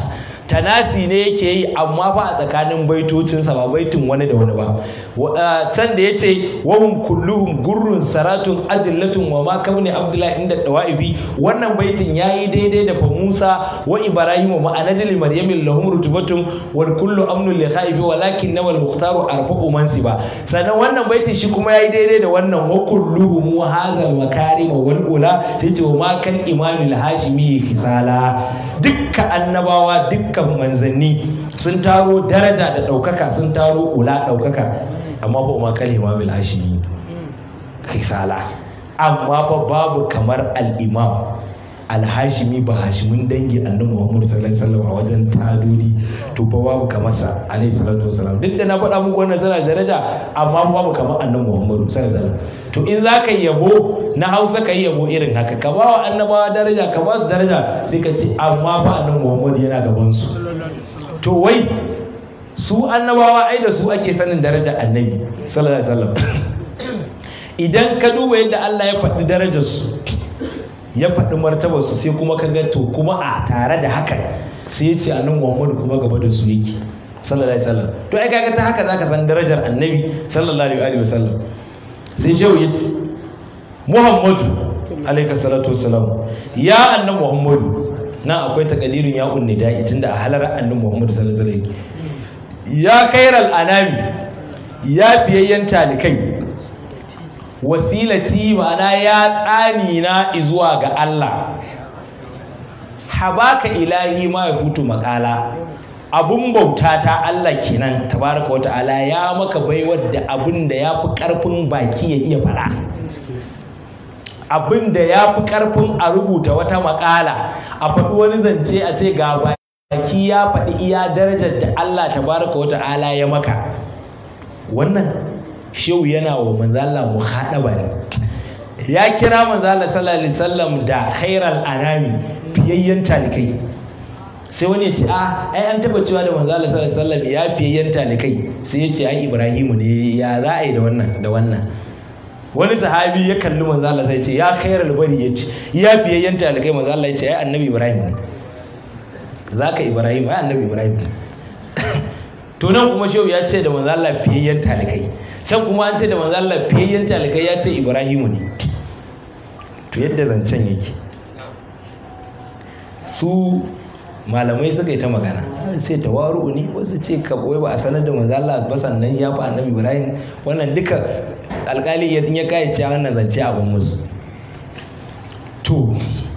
tanasi ne yake yi amma fa a tsakanin baitocinsa ba baitin wani da wani ba can da yace wahum kulluhum gurrun saratun ajillatun wa ma kauni abdullahi inda dawaibi wannan baitin yayi daidai da fa Musa wa Ibrahim ma anajli maryam lahum rutubatun wal kullu amnul li khaibi walakin nawal muhtaru arfa'u ba. sannan wannan baitin shi kuma yayi daidai da wannan wa kulluhum hadha al makarim wal ula tace wa ma kan imamil hashimi kisala Dukka annabawa dukkan manzanni sun taro daraja da ɗaukaka sun taro ula ɗaukaka amma ba ma kalima bil hashimi hmm. kai sala amma fa babu kamar al-imam alhashimi ba hashimin dangi annabi Muhammad sallallahu alaihi wasallam a wajen tadodi to ba babu kamar sa alaihi salatu wasallam duk da na faɗa muku wannan sana daraja amma babu kamar annabi Muhammad sallallahu alaihi wasallam to in zaka yabo na Hausa ka yi yabo irin haka ka ba wa annabawa daraja ka ba su daraja sai ka ce amma ba annabi Muhammad yana gaban su to wai su annabawa ai da su ake sanin daraja annabi sallallahu alaihi wasallam idan ka duba yadda Allah ya faɗi darajarsu ya faɗi martabar su sai kuma ka ga to kuma a tare da haka sai ya ce annabi Muhammadu kuma gaba da su yake sallallahu alaihi wasallam to ai kaga ta haka zaka san darajar annabi sallallahu alaihi wasallam sai shehu ya ce Muhammadu alaihi salatu wassalam ya annabi Muhammadu na akwai takadirin ya unni da'i tunda a halar annabi Muhammadu sallallahu alaihi wasallam ya kairal anami ya biyayyan talikai wasilati ma'ana ya tsani na zuwa ga Allah habaka ilahi ma ya fito makala abun bauta ta Allah kenan tabaraka wa ta'ala ya maka baiwar da abin da ya fi karfin baki ya iya fara. abin da ya fi karfin a rubuta wata makala a faɗi wani zance a ce ga baki ya faɗi iya darajar da Allah tabaraka wa ta'ala ya maka wannan shehu yana wa manzala mu haɗa ne ya kira manzala sallallahu alaihi da khairal anami fiyayyen talikai sai wani ya ce a ah, ai an taba cewa da manzala sallallahu alaihi ya fiyayyen talikai sai ya ce ai ibrahimu ne ya za a yi da wannan da wannan wani sahabi ya kalli manzala sai ce ya khairal bari ya ce ya fiyayyen talikai manzala ya ce ai annabi ibrahim ne zaka ibrahim ai annabi ibrahim ne to nan kuma shehu ya ce da manzo Allah fiyayyen talikai can kuma an ce da manzo Allah fiyayyen talikai ya ce Ibrahimu ne to yadda zancen yake su malamai suka yi ta magana sai ta waru ne wasu ce ka wai ba a sanar da manzo Allah ba sannan ya fa annabi Ibrahim wannan duka alkali ya ya kai ce wannan zance abin musu to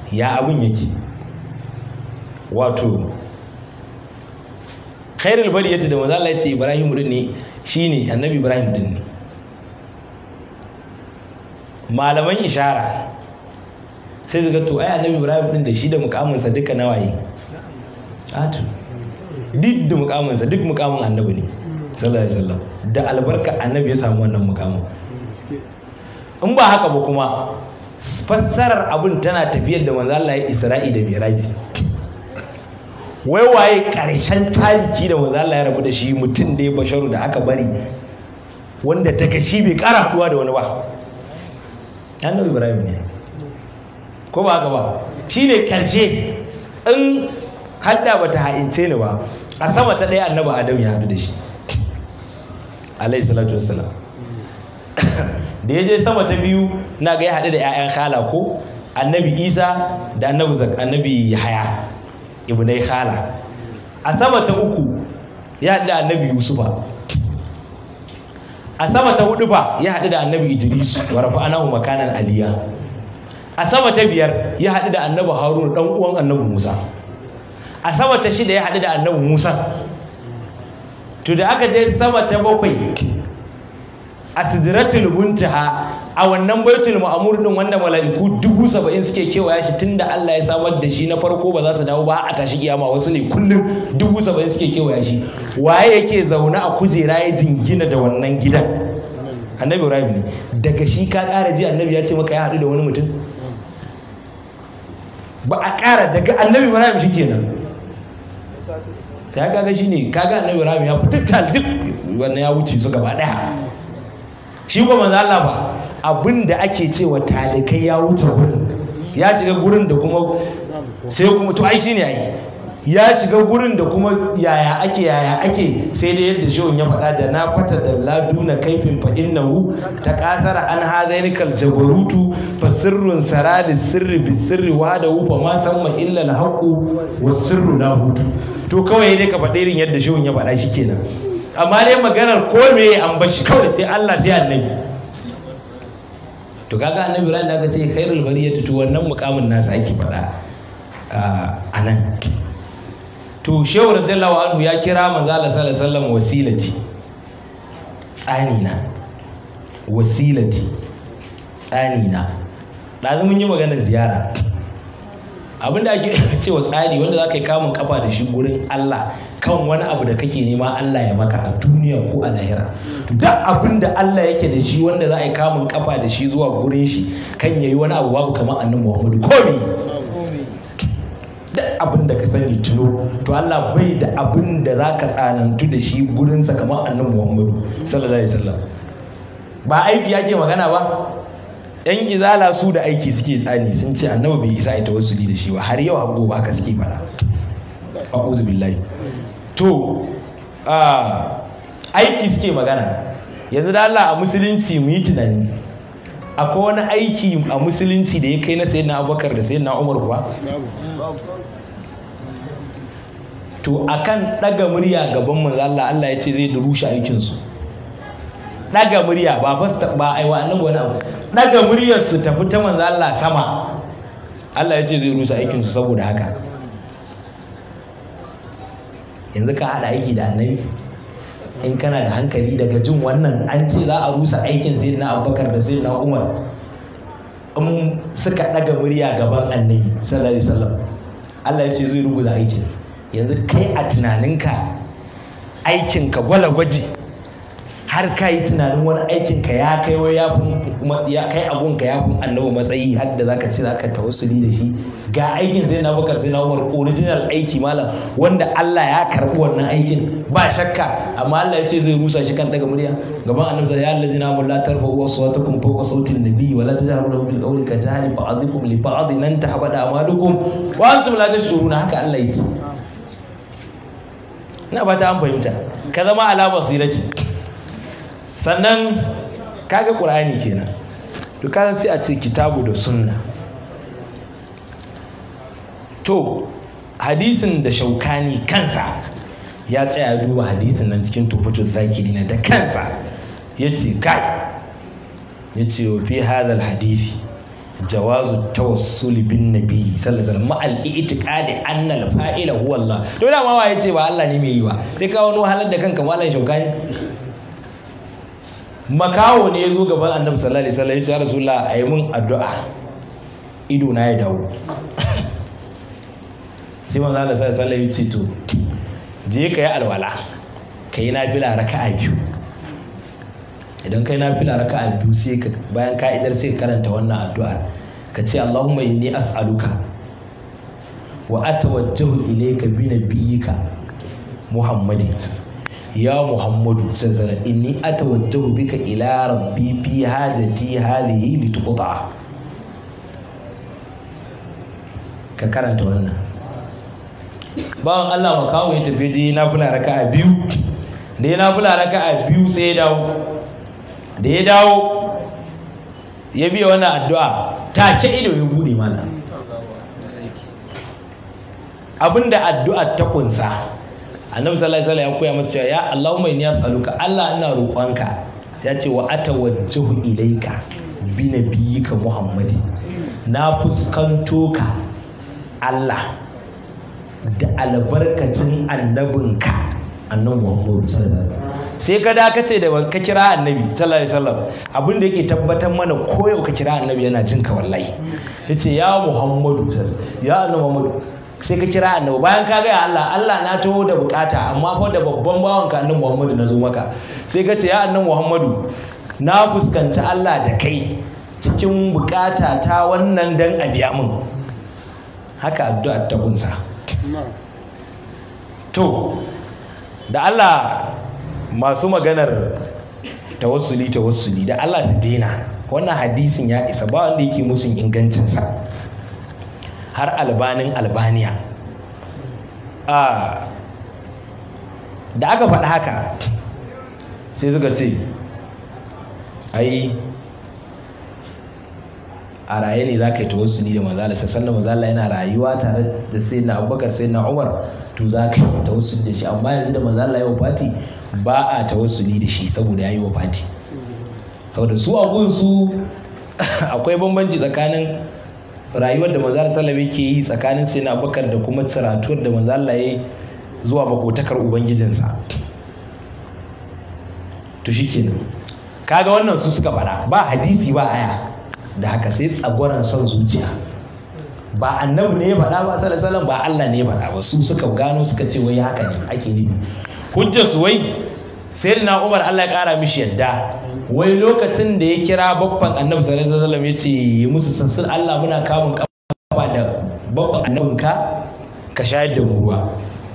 ya abin yake wato khairul bariyati da manzo Allah ya ce Ibrahim din ne shine annabi Ibrahim din ne malaman ishara sai zaga to ai annabi Ibrahim din da shi da mukamin sa duka nawaye atu duk da mukamin sa duk mukamin annabi ne sallallahu alaihi wasallam da albarka annabi ya samu wannan mukamin in ba haka ba kuma fassarar abin tana tafiyar da manzo Allah ya Isra'i da Miraji wai waye ƙarshen taliki da maza Allah ya rabu da shi mutum da ya basharu da aka bari wanda daga shi bai ƙara haɗuwa da wani ba annabi ibrahim ne ko ba haka ba shi ne ƙarshe in hadda bata ha'ince ni ba a sama ta ɗaya annabi adam ya haɗu da shi alayhi salatu wassalam da ya je sama ta biyu na ga ya haɗu da 'ya'yan khala ko annabi isa da annabi annabi haya ibnai khala a sama ta uku ya haɗu da annabi yusufa a sama ta hudu ba ya haɗu da annabi idris wa rafa'anahu makanan aliya a sama ta biyar ya haɗu da annabi harun ɗan uwan annabi musa a sama ta shida ya haɗu da annabi musa to da aka je sama ta bakwai a sidiratul muntaha a wannan baitul ma'amur din wanda mala'iku dubu saba'in suke kewaya shi tunda Allah ya samar da shi na farko ba za su dawo ba a tashi kiyama wasu ne kullum dubu saba'in suke kewaya shi waye yake zaune a kujera ya jingina da wannan gidan annabi ibrahim ne daga shi ka ƙara ji annabi ya ce maka ya haɗu da wani mutum ba a ƙara daga annabi ibrahim shi kenan ta kaga shi ne kaga annabi ibrahim ya fitar duk wannan ya wuce su gaba ɗaya shi kuma manzo Allah ba abin da ake cewa talikai ya wuce gurin ya shiga gurin da kuma sai kuma to ai shine ai ya shiga gurin da kuma yaya ake yaya ake sai dai yadda shehun ya faɗa da na fata da laduna kaifin fa'in wu ta ƙasar an hazainikal jabarutu fa sirrun sarari, sirri bi sirri wa da hu fa matan ma illa al wa sirru na hutu to kawai dai ka faɗa irin yadda shehun ya faɗa kenan. amma dai maganar ko me an bashi kawai sai Allah sai annabi to kaga annabi ibrahim da aka ce khairul bariyatu to wannan mukamin nasa ake faɗa a nan to shehu radiyallahu anhu ya kira manzo Allah sallallahu alaihi wasallam wasilati tsani na wasilati tsani na mun yi maganar ziyara Abin da ake cewa tsari wanda za ka yi kamun kafa da shi gurin Allah kan wani abu da kake nema Allah ya maka a duniya ko a lahira Da duk abin da Allah yake da shi wanda za a yi kamun kafa da shi zuwa gurin shi kan yayi wani abu babu kamar annabi Muhammadu komi duk abin da ka sani tuno to Allah bai da abin da za ka tsanantu da shi gurinsa kamar annabi Muhammadu sallallahu alaihi wasallam ba aiki yake magana ba yan izala su da aiki suke tsani sun ce annabi bai isa ita wasu da shi ba har yau a gobe ka suke fara a'udhu billahi to aiki suke magana yanzu da Allah a musulunci mu yi tunani akwai wani aiki a musulunci da ya kai na sayyidina Abubakar da sayyidina Umar kuwa to akan daga murya gaban manzo Allah ya ce zai durushe aikin su daga murya ba fa su ba ai wa annabi wani abu daga muryar su tafi ta manzo Allah sama Allah ya ce zai rusa aikin su saboda haka yanzu ka hada aiki da annabi in kana da hankali daga jin wannan an ce za a rusa aikin sai na abubakar da sai na umar in suka ɗaga murya gaban annabi sallallahu alaihi wasallam Allah ya ce zai rubuta aikin yanzu kai a tunaninka aikinka gwala gwaji har ka yi tunanin wani aikin ka ya kai wai ya ya kai abun ka ya kun annabi matsayi har da zaka ce zaka tawassuli da shi ga aikin sai na bakar sai na umar original aiki malam wanda Allah ya karbi wannan aikin ba shakka amma Allah ya ce zai rusa shi kan daga murya gaban annabi sai ya Allah na mun la tarfa wa sawatukum fawqa sautin nabi wa la tajharu lahu bil qawli ka jahri ba'dikum li ba'dhi lan tahbada amalukum wa antum la tashuruna haka Allah ya ce ina ba ta an fahimta ka zama ala basira ce sannan kaga ƙur'ani kenan to kaga sai a ce kitabu da sunna to hadisin da shaukani kansa ya tsaya duba hadisin nan cikin tufatul na da kansa ya ce kai ya ce wa fi hadal hadifi. jawazu tawassuli bin nabi sallallahu alaihi wasallam ma'al i'tiqadi anna al fa'ila huwa Allah to da ma ya ce ba Allah ne mai yi ba sai ka wani halar da kanka mallan shaukani makawo ne ya zo gaban annabi sallallahu alaihi wasallam ya ce ya rasulullah ayi mun addu'a ido na ya dawo sai manzo Allah sallallahu alaihi wasallam ya ce to je ka yi alwala ka yi nafila raka'a biyu idan kai nafila raka'a biyu sai ka bayan ka'idar sai ka karanta wannan addu'a ka ce Allahumma inni as'aluka wa atawajjahu ilayka bi nabiyyika Muhammadin ya muhammadu sallallahu inni atawajjahu bika ila rabbi fi hajati hadhihi lituqta ka karanta wannan bawan Allah ma makawo ya tafi je na fula a biyu da ya na fula a biyu sai ya dawo da ya dawo ya biya wannan addu'a ta take ido ya bude mana abinda addu'a ta kunsa annabi sallallahu alaihi wasallam ya koya masa cewa ya mai niyya saluka Allah ina roƙonka ya ce wa atawajjahu ilaika bi nabiyyika Muhammadi na fuskanto ka Allah da albarkacin annabinka annabi Muhammadu sallallahu alaihi wasallam sai ka da ka ce da ka kira annabi sallallahu alaihi wasallam abin da yake tabbatar mana koyo ka kira annabi yana jin ka wallahi yace ya Muhammadu ya annabi Muhammadu sai ka kira annabi bayan ka gaya Allah Allah na taho da bukata amma fa da babban bawan ka annabi Muhammadu na zo maka sai ka ce ya annabi Muhammadu na fuskanci Allah da kai cikin bukata ta wannan dan abiya biya min haka addu'a ta kunsa to da Allah masu maganar tawassuli tawassuli da Allah su dina wannan hadisin ya isa ba wanda yake musun ingancinsa har albanin albaniya da aka faɗa haka sai suka ce ai a raye ne za ka yi suni da manzala sai sannan manzala yana rayuwa tare da sai na abubakar sai na umar to za ka yi suni da shi amma yanzu da manzala ya wafati ba a suni da shi saboda ya yi wafati saboda su abun su akwai bambanci tsakanin rayuwar da manzo sallam yake yi tsakanin sai na bakar da kuma tsaratuwar da manzo Allah ya zuwa makotakar ubangijinsa to shikenan kaga wannan su suka fara ba hadisi ba aya da haka sai tsagoran son zuciya ba annabi ne ya faɗa ba sallallahu alaihi ba Allah ne ya faɗa ba su suka gano suka ce wai haka ne ake nufi hujjar su wai sayyidina Umar Allah ya kara mishi yadda wai lokacin da ya kira babban annabi sallallahu alaihi wasallam yace yi musu sansun Allah muna kamun kafa da babban annabinka ka shayar da mu ruwa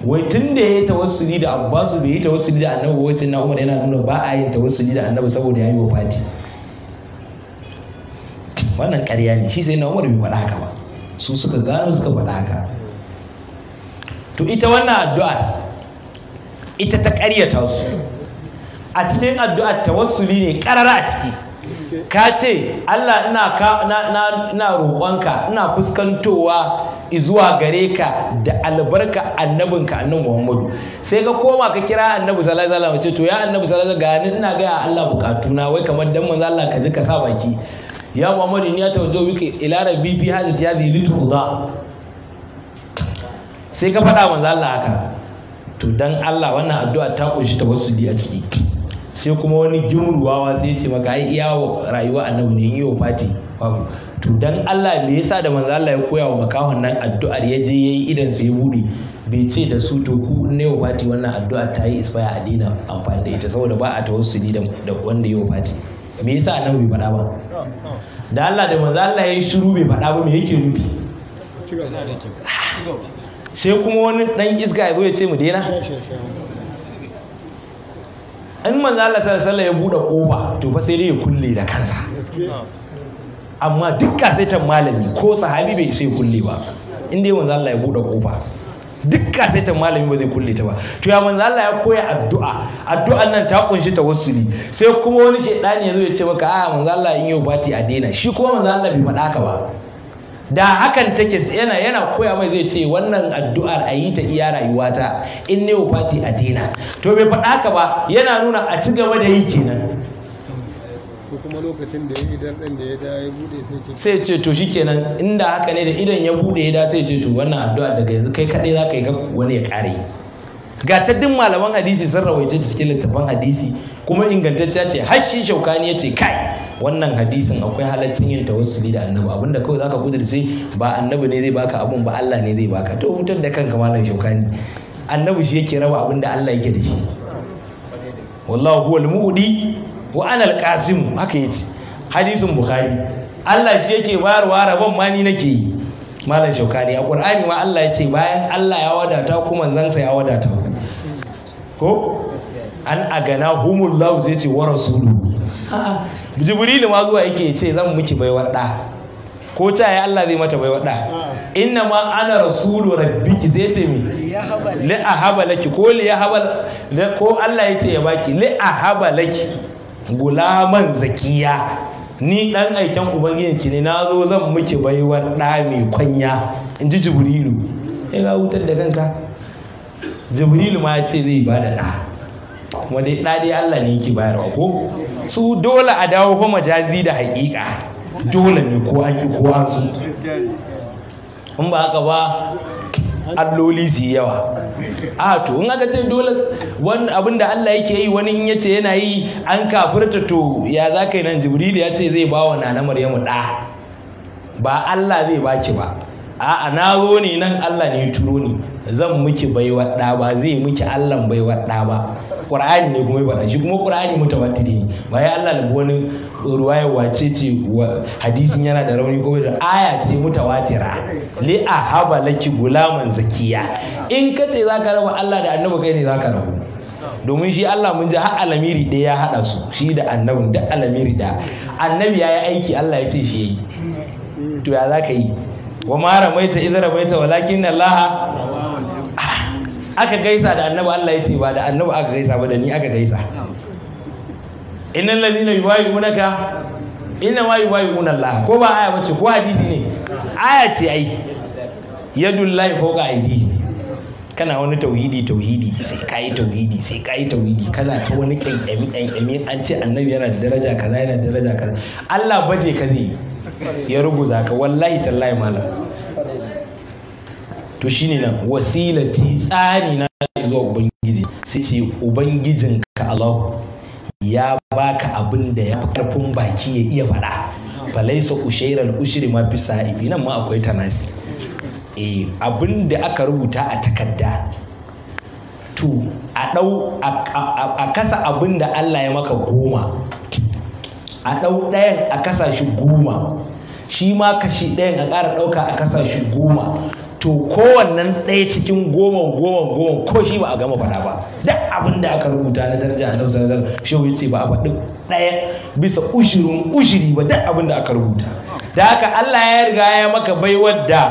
wai tun da ya yi tawassuli da Abbas bai yi tawassuli da annabi wai sai na Umar yana nuna ba a yin tawassuli da annabi saboda yayi wafati wannan ƙarya ne shi sai na Umar bai faɗa haka ba su suka gano suka faɗa haka to ita wannan addu'a ita ta ƙaryata su a cikin ta tawassuli ne karara a ciki ka ce Allah ina roƙonka ina fuskantowa zuwa gare ka da albarka annabinka annabi Muhammadu sai ka koma ka kira annabi sallallahu alaihi wasallam to ya annabi sallallahu alaihi wasallam ga ni ina ga Allah bukatuna wai kamar dan manzo Allah ka ji ka sa baki ya Muhammadu ni ya tawajjo bika ila rabbi fi hadhihi hadhihi litudha sai ka faɗa manzo Allah haka to dan Allah wannan addu'a ta kunshi tawassuli a ciki sai kuma wani jumruwawa sai ce maka ai iya rayuwa annabi ne yiwo fati babu to dan Allah me yasa da manzo Allah ya koya wa makahon nan addu'ar ya je yayi idan su ya bude bai ce da su to ku ne wa fati wannan addu'a ta yi isfaya a amfani da ita saboda ba a tawassuli da wanda ya fati me yasa nan bai faɗa ba da Allah da manzo Allah ya yi shiru bai faɗa ba me yake nufi sai kuma wani dan iska ya zo ya ce mu daina in manzo Allah sallallahu ya bude kofa to fa sai dai ya kulle da kansa amma sai kasaitan malami ko sahabi bai sai kulle ba in dai manzo Allah ya bude kofa sai kasaitan malami ba zai kulle ta ba to ya manzo Allah ya koya addu'a addu'an nan ta kunshi tawassuli sai kuma wani shedani ya zo ya ce maka a manzo Allah in yau bati a daina shi kuma manzo Allah bai faɗa ka ba da hakan take yana yana koya mai zai ce wannan addu'ar a yi ta iya rayuwata in ne wufati a dina to bai faɗa haka ba yana nuna a ci gaba da yi kenan kuma lokacin da ya idan ɗan da ya da ya bude sai ce to shi kenan inda haka ne da idan ya bude ya da sai ce to wannan addu'a daga yanzu kai kaɗai za ka yi wani ya ƙare ga ta duk malaman hadisi sun rawaice cikin littafin hadisi kuma ingantacciya ce har shi shaukani ya ce kai wannan hadisin akwai halaccin yin tawassuli da annabi abinda kawai zaka kudirce ba annabi ne zai baka abun ba Allah ne zai baka to hutar da kanka malam shaukani annabi shi yake raba abin da Allah yake da shi wallahu huwal mu'di wa ana al-qasim haka yace hadisin bukhari Allah shi yake bayarwa rabon ma ni nake yi malam shaukani a qur'ani ma Allah yace bayan Allah ya wadata kuma manzansa ya wadata ko an agana humullahu zai ce wa rasuluhu jibrilu ma zuwa yake ce zan miki baiwar da ko ta yi Allah zai mata baiwar da ah. inna ma ana rasulu rabbiki zai ce mi li ahaba laki ko li ahaba ko Allah ya ce ya baki li ahaba laki gulaman zakiya ni dan aiken ubangijinki ne na zo zan miki baiwar da mai kwanya in ji jibrilu ya ga wutar da kanka jibrilu ma ya ce zai bada da ɗa kuma dai ɗaɗe Allah ne yake bayarwa ko su dole a dawo fa majazi da haƙiƙa dole ne ko an yi ko an su in ba haka ba alloli su yi yawa a to in aka ce dole wani abin da Allah yake yi wani in yace yana yi an kafirta to ya za ka yi nan jibril ya ce zai ba wa nana maryamu ɗa ba Allah zai baki ba a'a na zo ne nan Allah ne ya turo ni zan miki baiwa ɗa ba zai miki allan baiwa ɗa ba ƙur'ani ne kuma faɗa shi kuma ƙur'ani mutawatiri ne ba ya allah da wani ruwaya wace ce hadisin yana da rauni ko da aya ce mutawatira li ahaba laki gulaman zakiya in ka ce zaka raba allah da annabi kai ne zaka rabu domin shi Allah mun ji har alamiri ɗaya ya haɗa su shi da annabi duk alamiri ɗaya annabi ya yi aiki Allah ya ce shi ya yi to ya za ka yi wa ma ramaita idan ramaita walakin Allah aka gaisa da annabi Allah ya ce ba da annabi aka gaisa ba da ni aka gaisa innal ladina yubayyunaka inna ma yubayyuna Allah ko ba aya bace ko hadisi ne aya ce ai yadullahi ga aidi kana wani tauhidi tauhidi sai kai tauhidi sai kai tauhidi kana ta wani kankami kankami an ce annabi yana da daraja kaza yana da daraja kaza Allah baje ka zai ya ruguza ka wallahi tallahi malam to shine nan wasilati tsari na zuwa ubangiji sai ce ubangijin ka Allah ya baka abin da ya fi karfin baki ya iya faɗa falaisa ushairal ushiri ma fi sa'ibi nan ma akwai tanasi eh abin da aka rubuta a takarda to a ɗau a kasa abin da Allah ya maka goma a ɗau ɗayan a kasa shi goma shi ma kashi ɗayan a ƙara ɗauka a kasa shi goma to kowannan ɗaya cikin goma goma goma ko shi ba a gama fada ba duk abin da aka rubuta na daraja a nan alaihi wasallam ba a faɗi ɗaya bisa ushirin ushiri ba duk abin da aka rubuta da haka Allah ya riga ya maka bai wadda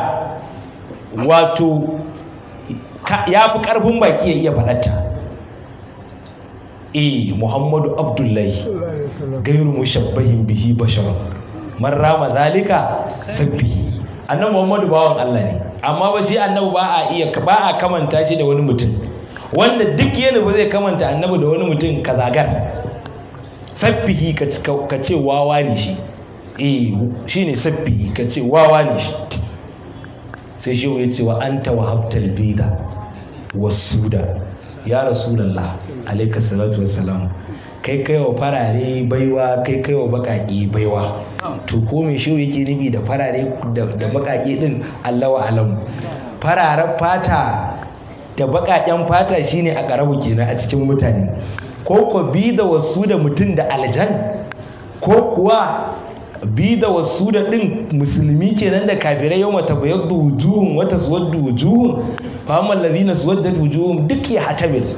wato ya fi ƙarfin baki ya iya faɗata eh Muhammadu Abdullahi gairu mushabbahin bihi bashar man rama zalika sabbihi annabi Muhammadu bawan Allah ne amma ba shi annabi ba a iya ba a kamanta shi da wani mutum wanda duk yana ba zai kamanta annabi da wani mutum ka zagar sabbihi ka ce wawa ne shi eh shi ne sabbihi ka ce wawa ne shi sai shi ya ce wa anta wa habtal bida da ya rasulullah alayka salatu wassalam kai kai wa farare baiwa kai kai wa bakaki baiwa to ko me shi yake nufi da farare da bakaki din Allah wa alam fararen fata da bakaƙen fata shine a karabu kenan a cikin mutane ko ko bi da wasu da mutum da aljan ko kuwa bi da wasu da ɗin musulmi kenan da kabirai yau mata bayar da wujuhun wata suwar da wujuhun famar lalina suwar da wujuhun duk ya hatamil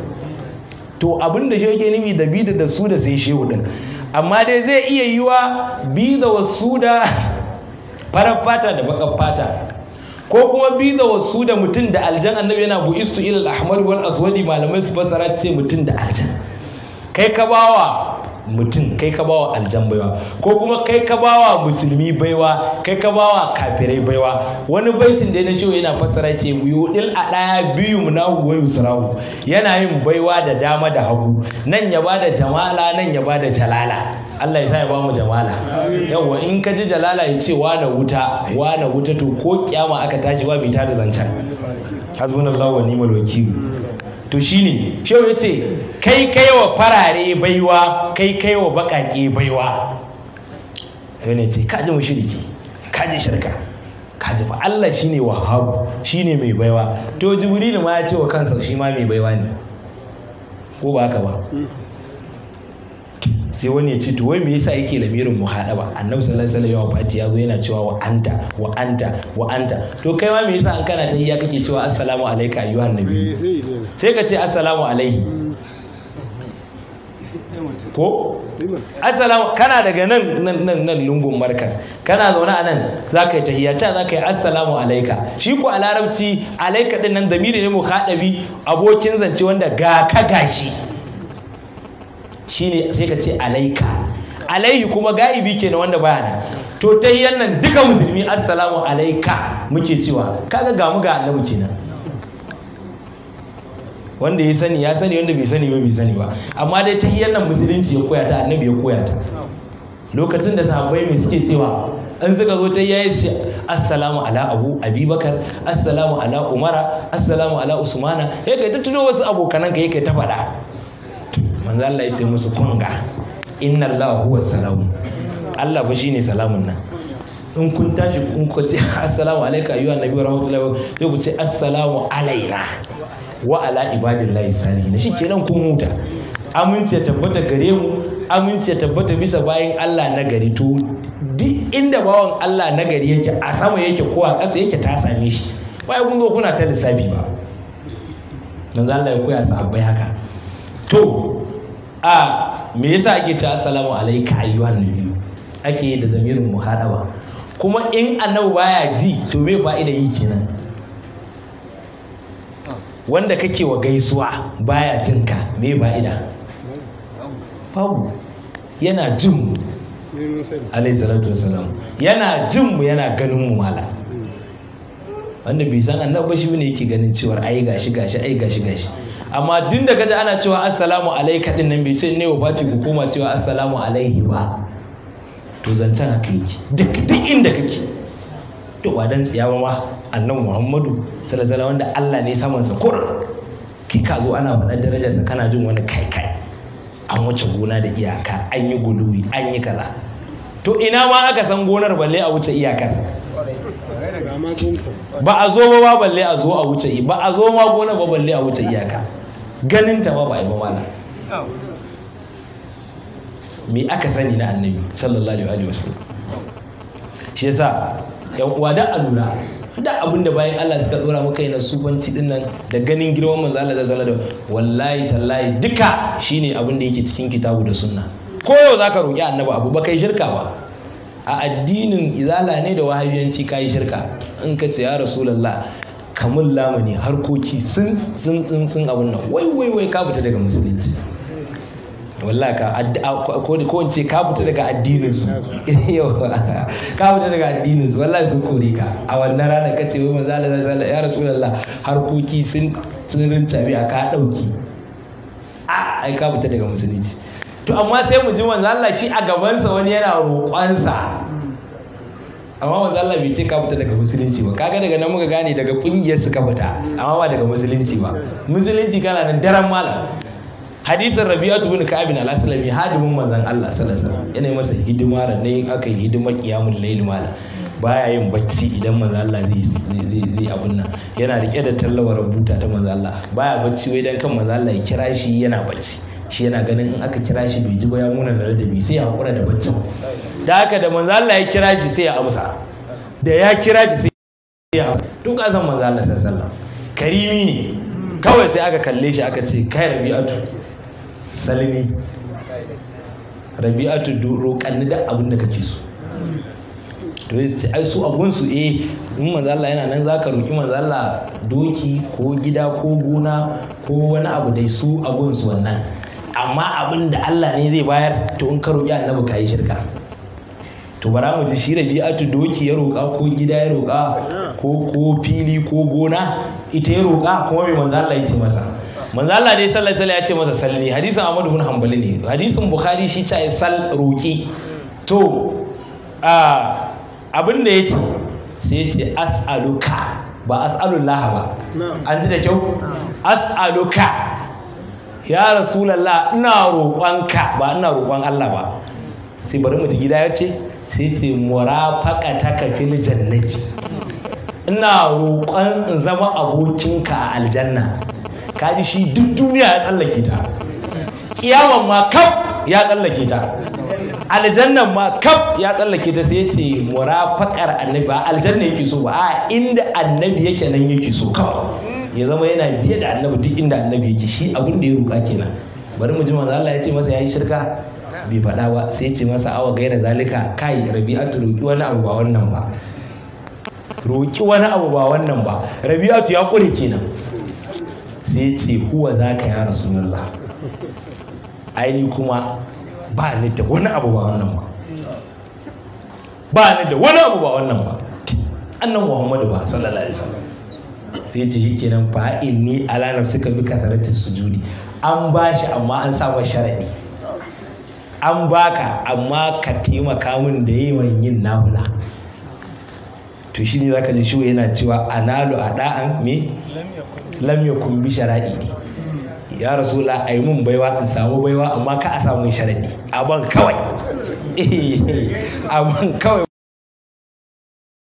to abin da shi yake nufi da bida da su da sai shehu din amma dai zai iya yiwa bida wasu da farar fata da bakar fata ko kuma bi da wasu da mutum da aljan annabi yana bu istu ilal ahmar wal aswadi malamai su fasara ce mutum da aljan kai ka bawa mutum kai ka bawa aljan baiwa ko kuma kai ka bawa musulmi baiwa kai ka bawa kafirai baiwa wani baitin da na ce yana fassara ce yudil a ɗaya biyu munahu wa yusrahu yana yin baiwa da dama da hagu nan ya bada jamala nan ya bada jalala Allah ya sa ya ba mu jamala yawa in ka ji jalala ya ce wa na wuta wa na wuta to ko kyama aka tashi ba bita da zancen hasbunallahu wa ni'mal wakil to shine shehu ya ce kai kai wa farare baiwa kai kai wa bakake baiwa sai ne ce kaji shiriki, kaji shirka kaji fa Allah shine wahhab shine mai baiwa to jibrilu ma ya ce wa kansa shi ma mai baiwa ne ko ba haka ba hmm. sai wani ya ce to wai me yasa yake lamirin muhadaba annabi sallallahu alaihi wasallam ya fati ya zo yana cewa wa anta wa anta wa anta to kai ma me yasa an kana ta tahiyya kake cewa assalamu alayka ayyuha annabi sai ka ce assalamu alaihi ko assalamu kana daga nan nan nan lungun markas kana zaune a nan za ka yi tahiyya ta za ka yi assalamu alaika shi ko a larabci alayka din nan zamiri ne mu kaɗabi abokin zance wanda ga ka gashi shine sai ka ce alaika alaihi kuma ga'ibi na wanda baya nan to yi nan duka musulmi assalamu alaika muke cewa kaga ga mu ga annabi kenan wanda ya sani ya sani wanda bai sani ba bai sani ba amma dai ta tahiyyar nan musulunci ya koya ta annabi ya koya ta lokacin da sahabbai mai suke cewa an suka zo ta yayi ce assalamu ala abu abubakar assalamu ala umara assalamu ala usmana sai kai ta tuno wasu abokanan ka kai ta faɗa manzo Allah ya ce musu kunga inna Allah huwa salamu Allah ba shine salamun nan in kun tashi kun ku ce assalamu alayka ayyuha nabi wa rahmatullahi sai ku ce assalamu alayna wa ala ibadillahi salihin shi kenan kun huta aminci ya tabbata gare mu aminci ya tabbata bisa bayan Allah na gari to duk inda bawan Allah na gari yake a sama yake ko a ƙasa yake ta same shi bai kun zo kuna ta lissafi ba manzo Allah ya koya abai haka to a me yasa ake ce assalamu alaika ayyuhan nabi ake yi da zamirin muhadaba kuma in annabi baya ji to me ba fa'ida yi kenan wanda kake wa gaisuwa baya jin ka me ba ida babu yana jin mu alayhi salatu wasalam yana jin mu yana ganin mu mala wanda bai san annabi ba shi ne yake ganin cewa ai gashi gashi ai gashi gashi amma duk da gaji ana cewa assalamu alaika din nan bai ce ne ba bati hukuma cewa assalamu alaihi ba to zancen haka yake duk duk inda kake to ba dan ba ma annabi muhammadu sallallahu wanda Allah ne saman sa kur ki ka zo ana faɗar darajarsa kana jin wani kai kai an wuce gona da iyaka an yi guduwi an yi kaza to ina ma aka san gonar balle a wuce iyakar ba a zo ba balle a zo a wuce ba a zo ma gona ba balle a wuce iyaka ganin ta ba ba ba mana me aka sani na annabi sallallahu alaihi wasallam shi yasa yan uwa da aluna da abin da bayan Allah suka dora maka yana subanci din nan da ganin girman manzo Allah sallallahu alaihi sallam wallahi tallahi duka shine abin da yake cikin kitabu da sunna ko yau zaka roki annabi abu ba kai shirka ba a addinin izala ne da wahabiyanci kayi shirka in ka ce ya rasulallah kamun lamuni harkoki sun sun sun abun nan wai wai wai ka fita daga musulunci wallahi ka ko in ce ka fita daga addinin su ka fita daga addinin su wallahi sun kore ka a wannan ranar ka ce wai manzo Allah sallallahu ya rasulullah harkoki sun sun rinta a ka dauki a ai ka fita daga musulunci to amma sai mu ji manzo Allah shi a gabansa wani yana roƙonsa amma manzo Allah bai ce ka fita daga musulunci ba kaga daga nan muka gane daga kungiyar suka fita amma ba daga musulunci ba musulunci kana nan daren malam hadisin rabi'atu bin ka'ab al-aslami hadimin manzon Allah sallallahu alaihi wasallam yana masa hidima da aka yi hidimar qiyamul layl mala baya yin bacci idan manzon Allah zai zai zai abun nan yana rike da tallawar rubuta ta manzon Allah baya bacci wai dan kan manzon Allah ya kira shi yana bacci shi yana ganin in aka kira shi bai ji ba ya muna da ladabi sai ya haƙura da bacci da haka da manzo Allah ya kira shi sai ya amsa da ya kira shi sai ya amsa to ka san manzo Allah sallallahu alaihi wasallam karimi ne kawai sai aka kalle shi aka ce kai rabi'atu salini rabi'atu roƙanni da abin da kake so to ai su abun su eh in manzo Allah yana nan zaka roki manzo Allah doki ko gida ko gona ko wani abu dai su abun su wannan amma abin da Allah ne zai bayar to in ka roƙi annabi ka shirka to bara mu ji shi rabi'atu doki ya roƙa ko gida ya roƙa ko ko fili ko gona ita ya roƙa kuma mai manzo Allah ya ce masa manzo Allah dai sallallahu alaihi ya ce masa salli hadisin Ahmad ibn Hanbali ne hadisin Bukhari shi ta sal roƙi to a abin da ya ce sai ya ce as'aluka ba as'alullah ba an ji da kyau as'aluka ya rasulallah ina roƙonka ba ina roƙon Allah ba sai bari mu ji gida ya ce sai ce murafaka ka fil jannati ina roƙon in zama abokinka a aljanna kaji shi duk duniya ya tsallake ta Kiyaman ma kaf ya tsallake ta aljannan ma kaf ya tsallake ta sai ce murafakar annabi ba aljanna yake so ba a inda annabi yake nan yake so kawai ya zama yana biye da annabi duk inda annabi yake shi abin da ya ruka kenan bari mu ji manzo Allah ya ce masa yayi shirka bai faɗa ba sai ya ce masa awa gaira zalika kai rabi'atu roki wani abu ba wannan ba roki wani abu ba wannan ba rabi'atu ya kure kenan sai ya ce huwa zaka ya rasulullah aini kuma ba ni da wani abu ba wannan ba ba ni da wani abu ba wannan ba annan muhammadu ba sallallahu alaihi wasallam sai ce shi kenan fa inni ala suka bi su sujudi an bashi amma an sa masa sharadi an baka amma ka taimaka min da yawan yin nafila to shi ne za ka ji shi yana cewa analu ada'an me lam yakun bi shara'i ya rasula ai mun baiwa in samu baiwa amma ka a samu sharadi aban kawai kawai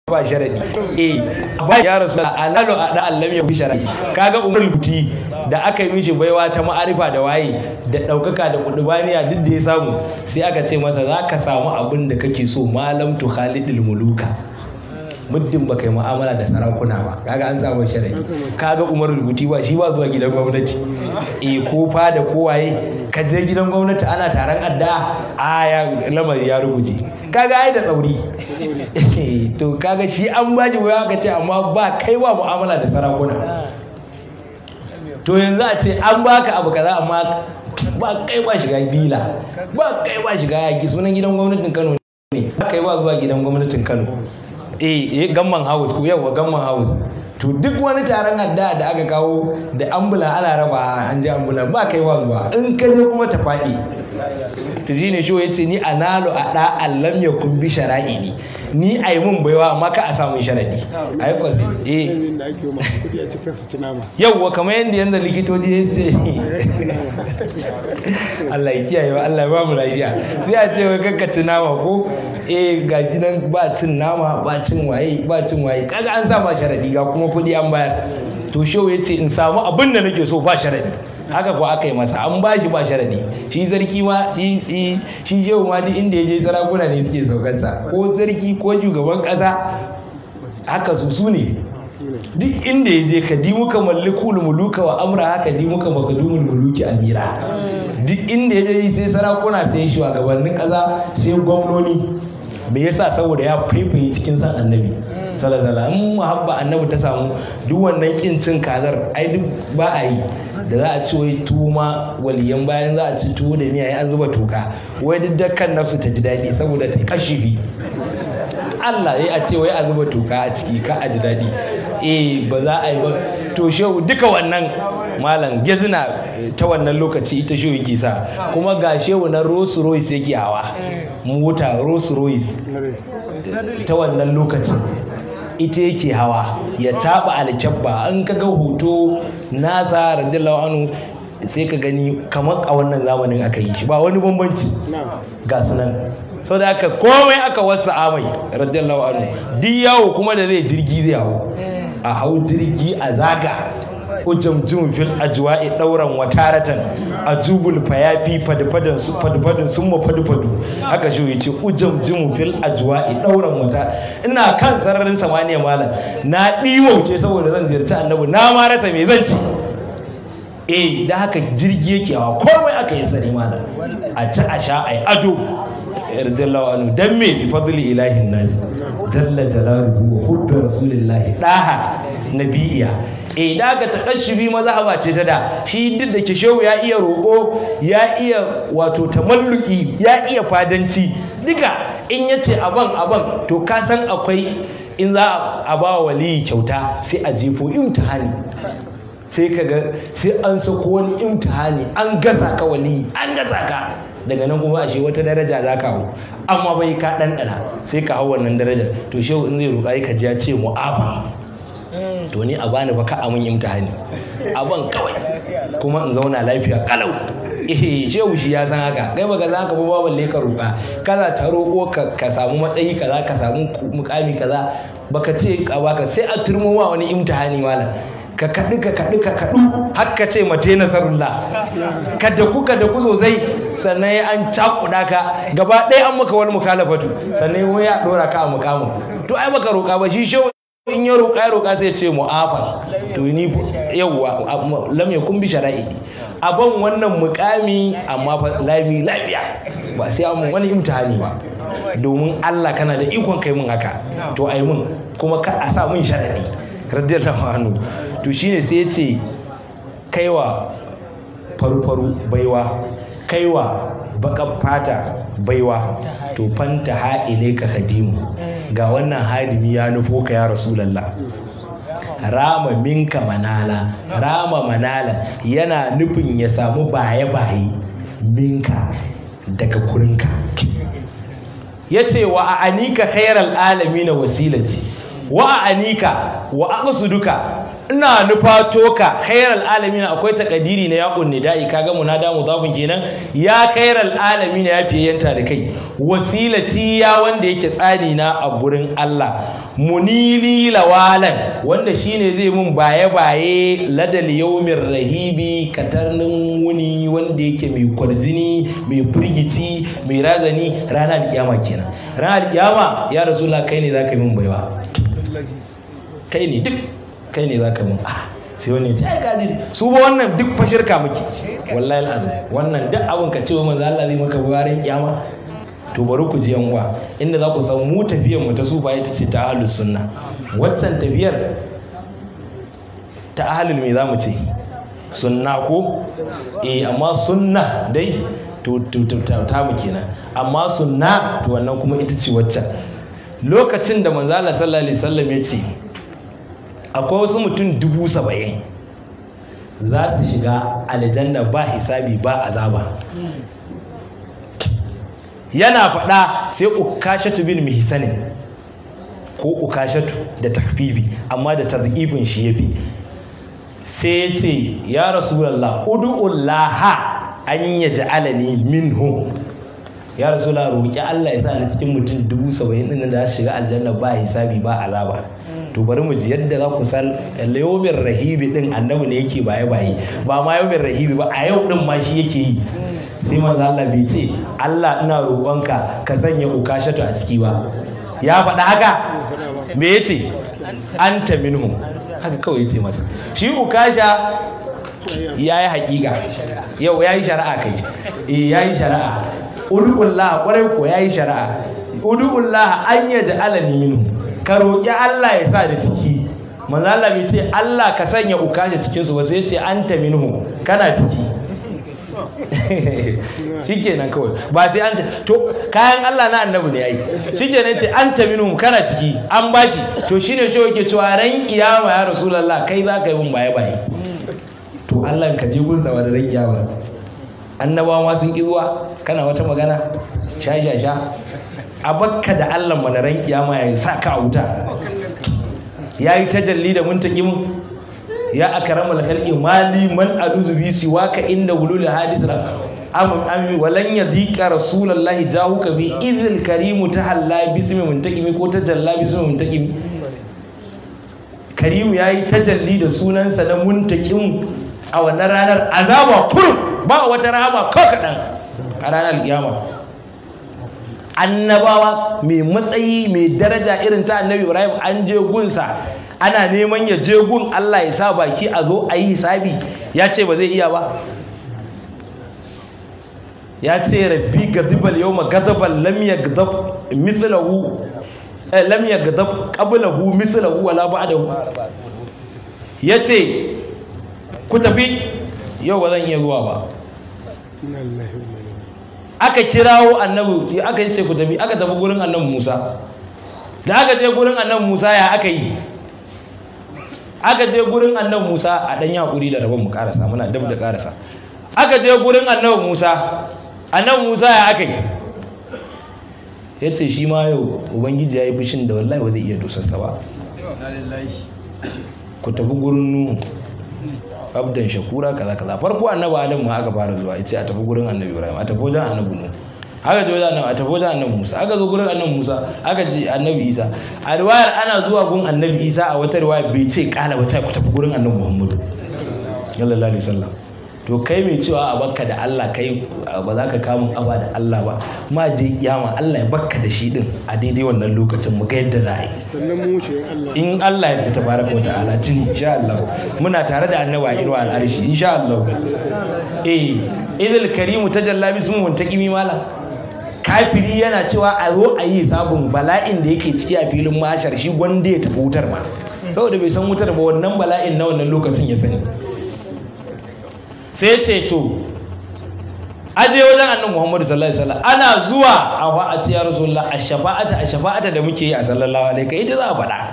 ba sharadi eh ba ya rasu alalu da allam ya bi sharadi kaga umar kuti da aka yi mishi baiwa ta ma'arifa da waye da daukaka da kudubaniya duk da ya samu sai aka ce masa za ka samu abin da kake so malam tu khalidul muluka muddin baka yi mu'amala da sarakuna ba kaga an samu sharadi kaga umar rubuti ba shi ba zuwa gidan gwamnati e ko fada ko waye ka je gidan gwamnati ana taron addu'a a ya lamari ya rubuce kaga ai da tsauri to kaga shi an baji waya ka ce amma ba kai wa mu'amala da sarakuna to yanzu a ce an baka abu kaza amma ba kai ba shiga bila ba kai ba shiga yaki sunan gidan gwamnatin Kano ne ba kai ba zuwa gidan gwamnatin Kano eh eh gamman house ku yawa gamman house to duk wani taron hadda da aka kawo da ambula ana raba an ji ambula ba kai wa zuwa in ka je kuma ta faɗi to shi ne ya ce ni analu a da allam ya kun bi shara'i ne ni a yi mun baiwa amma ka a samun sharadi a yi kwasi Yau yawwa kamar yadda yanzu likitoci ya ce Allah ya kiyaye wa Allah ya ba mu lafiya sai a ce wai kanka ci nama ko eh gaji nan ba cin nama ba cin waye ba cin waye kaga an sa ba sharadi ga kuma kuma kuɗi an bayar to shi ya ce in samu abin da nake so ba sharadi haka kuwa aka yi masa an ba shi ba sharadi shi zarki ma shi shehu ma duk inda ya je sarakuna ne suke saukansa ko zarki ko shugaban ƙasa haka su su ne duk inda ya je ka di muka mallikul muluka wa amra haka di muka makadumul muluki amira duk inda ya je sai sarakuna sai shugabannin ƙasa sai gwamnoni me yasa saboda ya faifaye cikin san annabi sallallahu in muhabba annabi ta samu duk wannan kin cin kazar ai duk ba a yi da za a ci wai tuma waliyan bayan za a ci tuwo da miya an zuba toka wai duk dukkan nafsu ta ji daɗi saboda ta bi Allah ya ce wai a zuba toka a ciki ka a ji daɗi eh ba za a yi ba to shehu duka wannan malam gezina eh, ta wannan lokaci ita shehu yake sa kuma ga shehu na Rolls Royce yake hawa mota Rolls Royce ta wannan lokaci ita yake hawa ya taɓa alkyabba in ga hoto nasa radiyallahu anhu sai ka gani kamar a wannan zamanin aka yi shi ba wani bambanci ga sunan so da aka komai aka wasu amai radiyallahu anhu duk yawo kuma da zai jirgi zai hau a hau jirgi a zaga ujamjum fil ajwa'i dauran wataratan ajubul fayafi fadfadan su fadfadan sun mu fadfadu haka shi yace ujamjum fil ajwa'i dauran wata ina kan sararin samaniya malam na ce saboda zan ziyarci annabi na ma rasa me zan ci eh da haka jirgi yake hawa komai aka yi sani mana a ci a sha a yi ado radiyallahu anhu dan me bi fadli ilahin nas jalla jalaluhu wa hubbi rasulillah daha nabiyya eh da ga maza mazhaba ce ta da shi duk da kishewu ya iya roko ya iya wato tamalluki ya iya fadanci duka in yace aban aban to ka san akwai in za a ba waliyi kyauta sai a jefo imtihani sai ka ga sai an sako wani imtihani an gasa ka wali an gasa ka daga nan kuma ashe wata daraja za ka hau amma bai ka dana sai ka hau wannan daraja. to shehu in zai roƙa ka ji ya ce mu'afa hmm. to ni a bani ba ka amin imtihani a ban kawai kuma in zauna lafiya kalau ehe shehu shi ya san haka kai baka za ka ba balle ka roƙa kana ta roƙo ka samu matsayi kaza ka samu mukami kaza baka ce ka baka sai a turmo wa wani imtihani malam ka kaɗi ka kaɗi ka kaɗu Hakka ce mate nasarullah ka da ku ka da ku sosai sannan an cakuɗa ka gaba ɗaya an maka wani mukalafatu sannan wani ya ɗora ka a mukamu to ai baka roƙa ba shi shi in ya roƙa ya roƙa sai ce mu'afan to ni yawwa lam yakun bi shara'i aban wannan mukami amma fa lami lafiya ba sai an wani imtihani ba domin Allah kana da ikon kai mun haka to ai mun kuma ka a sa mun sharadi radiyallahu anhu to shi ne sai ce kaiwa faru-faru baiwa kaiwa bakan fata baiwa to fanta ne ka hadimu ga wannan hadimi ya nufo ka ya lalla. rama minka manala rama manala yana nufin ya samu baye-baye minka daga kurinka ya ce wa a anika khairar alami na wasilaci wa a anika wa a duka ina nufa toka, khairal alamin akwai takadiri na yaqun nida'i kaga damu mudafun kenan ya khairal alamin ya fiye yanta da kai wasilati ya wanda yake tsani na a gurin Allah munili lawalan wanda shine zai mun baye baye ladal yawmir rahibi katarnin wuni wanda yake mai kwarjini mai firgici mai razani rana da kenan rana da kiyama ya rasulullah kai ne zaka yi mun baiwa kai ne duk kai ne za ka mun A ah, sai wani ce ai gaji su ba wannan duk fa shirka muke wallahi alazim wannan duk abin ka ce wa manzo Allah zai maka bayarin kiyama to bari ku ji yanwa inda za ku san mu tafiyar mu ta su ba ita ce ta ahlus sunna waccan tafiyar ta ahlul me zamu ce sunna ko eh amma sunna dai to ta mu kenan amma sunna to wannan kuma ita ce waccan lokacin da manzo Allah sallallahu alaihi wasallam ya ce akwai wasu mutum dubu saba'in za su shiga aljanna ba hisabi ba azaba yana faɗa sai ukashatu bin mihisanin ko ukashatu da takfibi amma da tazibin shi yafi sai ya ce ya rasulullah udu'ullaha an yaj'alani minhu ya rasu la roƙi Allah ya sa ni cikin mutum dubu saba'in ɗin da shiga aljanna ba hisabi ba azaba to bari mu ji yadda za ku san yawmin rahibi din annabi ne yake baye baye ba ma yawmin rahibi ba a yau din ma shi yake yi sai manzo Allah bai ce Allah ina roƙonka ka sanya ukashatu a ciki ba ya faɗa haka me yace anta minhu haka kawai yace masa shi ukasha ya yi haƙiƙa yau ya yi shari'a kai eh, ya yi shari'a udu'ullah ƙwarai ko ya yi shari'a udu'ullah an Alani minu. ka roƙi Allah ya sa da ciki manzo bai ce Allah ka sanya ukashi cikin su ba sai ce an ta minu kana ciki nan kawai ba sai an to kayan Allah na annabu ne yayi nan ce an ta minu kana ciki an bashi to shine shi yake cewa ran kiyama ya rasulullah kai za ka yi mun baye baye to Allah ka je gunsa wa da ran kiyama annabawa sun ƙi zuwa kana wata magana sha sha sha a bakka da allah ran kiyama ya sa ka a wuta ya yi tajalli da muntakimin ya akrama lakal imali man aluzu bi ka inda hulul hadis Amin, Amin. walan yadika rasulullahi jahuka bi idhil karimu ta tahalla bismi muntakimi ko tajalla bismi muntakimi karimu ya ta tajalli da sunansa na muntakim a wannan ranar azaba kurum ba wata rahama ko kaɗan a ranar liyama annabawa mai matsayi mai daraja irin ta annabi ibrahim an je gunsa ana neman ya je gun allah ya sa baki a zo a yi hisabi ya ce ba zai iya ba ya ce rabbi gadibal yau ma gadabal gadab mislahu lam gadab eh, qablahu mislahu wala ba'dahu ya ce ku tafi yau ba zan iya zuwa ba aka kirawo annabi aka yi ce ku tafi aka tafi gurin annabi musa da aka je gurin annabi musa ya aka yi aka je gurin annabi musa a ɗan yaƙuri da rabon mu ƙarasa muna dab da ƙarasa aka je gurin annabi musa annabi musa ya aka yi ya ce shi ma yau ubangiji ya yi fushin da wallahi ba zai iya dusarsa ba ku tafi gurin nuhu abdan shakura kaza kaza farko annabi adam ma aka fara zuwa yace a tafi gurin annabi ibrahim a tafi wajen annabi nuhu aka je wajen annabi a tafi wajen annabi musa aka zo gurin annabi musa aka je annabi isa a riwayar ana zuwa gun annabi isa a wata riwaya bai ce kala ba ta ku tafi gurin annabi muhammadu sallallahu alaihi wasallam to kai mai cewa a bakka da Allah kai ba za ka kama aba da Allah ba ma je kiyama Allah ya bakka da shi din a daidai wannan lokacin mu ga yadda za a yi in Allah ya fi tabaraka wa ta'ala tun insha Allah muna tare da annaba a irwa al'arshi insha Allah eh idil karimu tajalla bismuhu taqimi mala kafiri yana cewa a zo a yi sabon bala'in da yake ciki a filin mashar shi gwanda ya tafi wutar ma saboda bai san wutar ba wannan bala'in na wannan lokacin ya sani sai ce aje wajen annabi Muhammadu sallallahu alaihi wasallam ana zuwa a wa'ati ya rasulullah a shafa'ata a shafa'ata da muke yi a sallallahu alaihi kai ita za a faɗa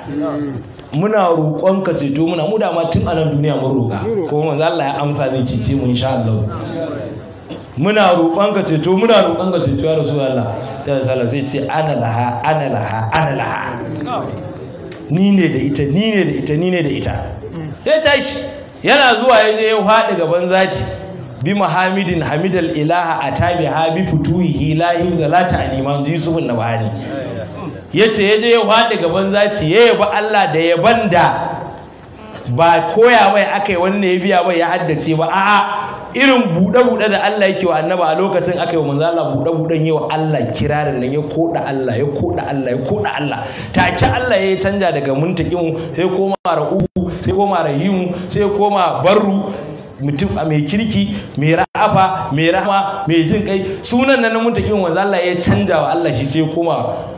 muna roƙon ka ceto muna mu da ma tun a nan duniya mun roƙa ko manzo Allah ya amsa zai cece mu insha Allah muna roƙon ka ceto muna roƙon ka ceto ya rasulullah ta sallallahu sai ce ana laha ana laha ana laha ni ne da ita ni ne da ita ni ne da ita sai tashi yana zuwa ya je ya faɗi gaban zaci bi muhammadin hamidal ilaha a tabi habi futuhi lahi zalata aliman yusufun nabani ya ce ya je ya faɗi gaban zaci, ya yaba allah da yaban da ba koya mai aka yi wani ne ya biya mai ya haddace ba a'a irin buɗe-buɗe da Allah yake wa annaba a lokacin aka yi wa manzala buɗe-buɗen yi wa Allah kirarin nan ya koda Allah ya koda Allah ya koda Allah take Allah ya canja daga muntakin sai koma ra'uhu sai koma rahimu sai koma barru mutum mai kirki mai ra'afa mai rahama mai jin kai sunan nan muntakin manzo Allah ya canja wa Allah shi sai koma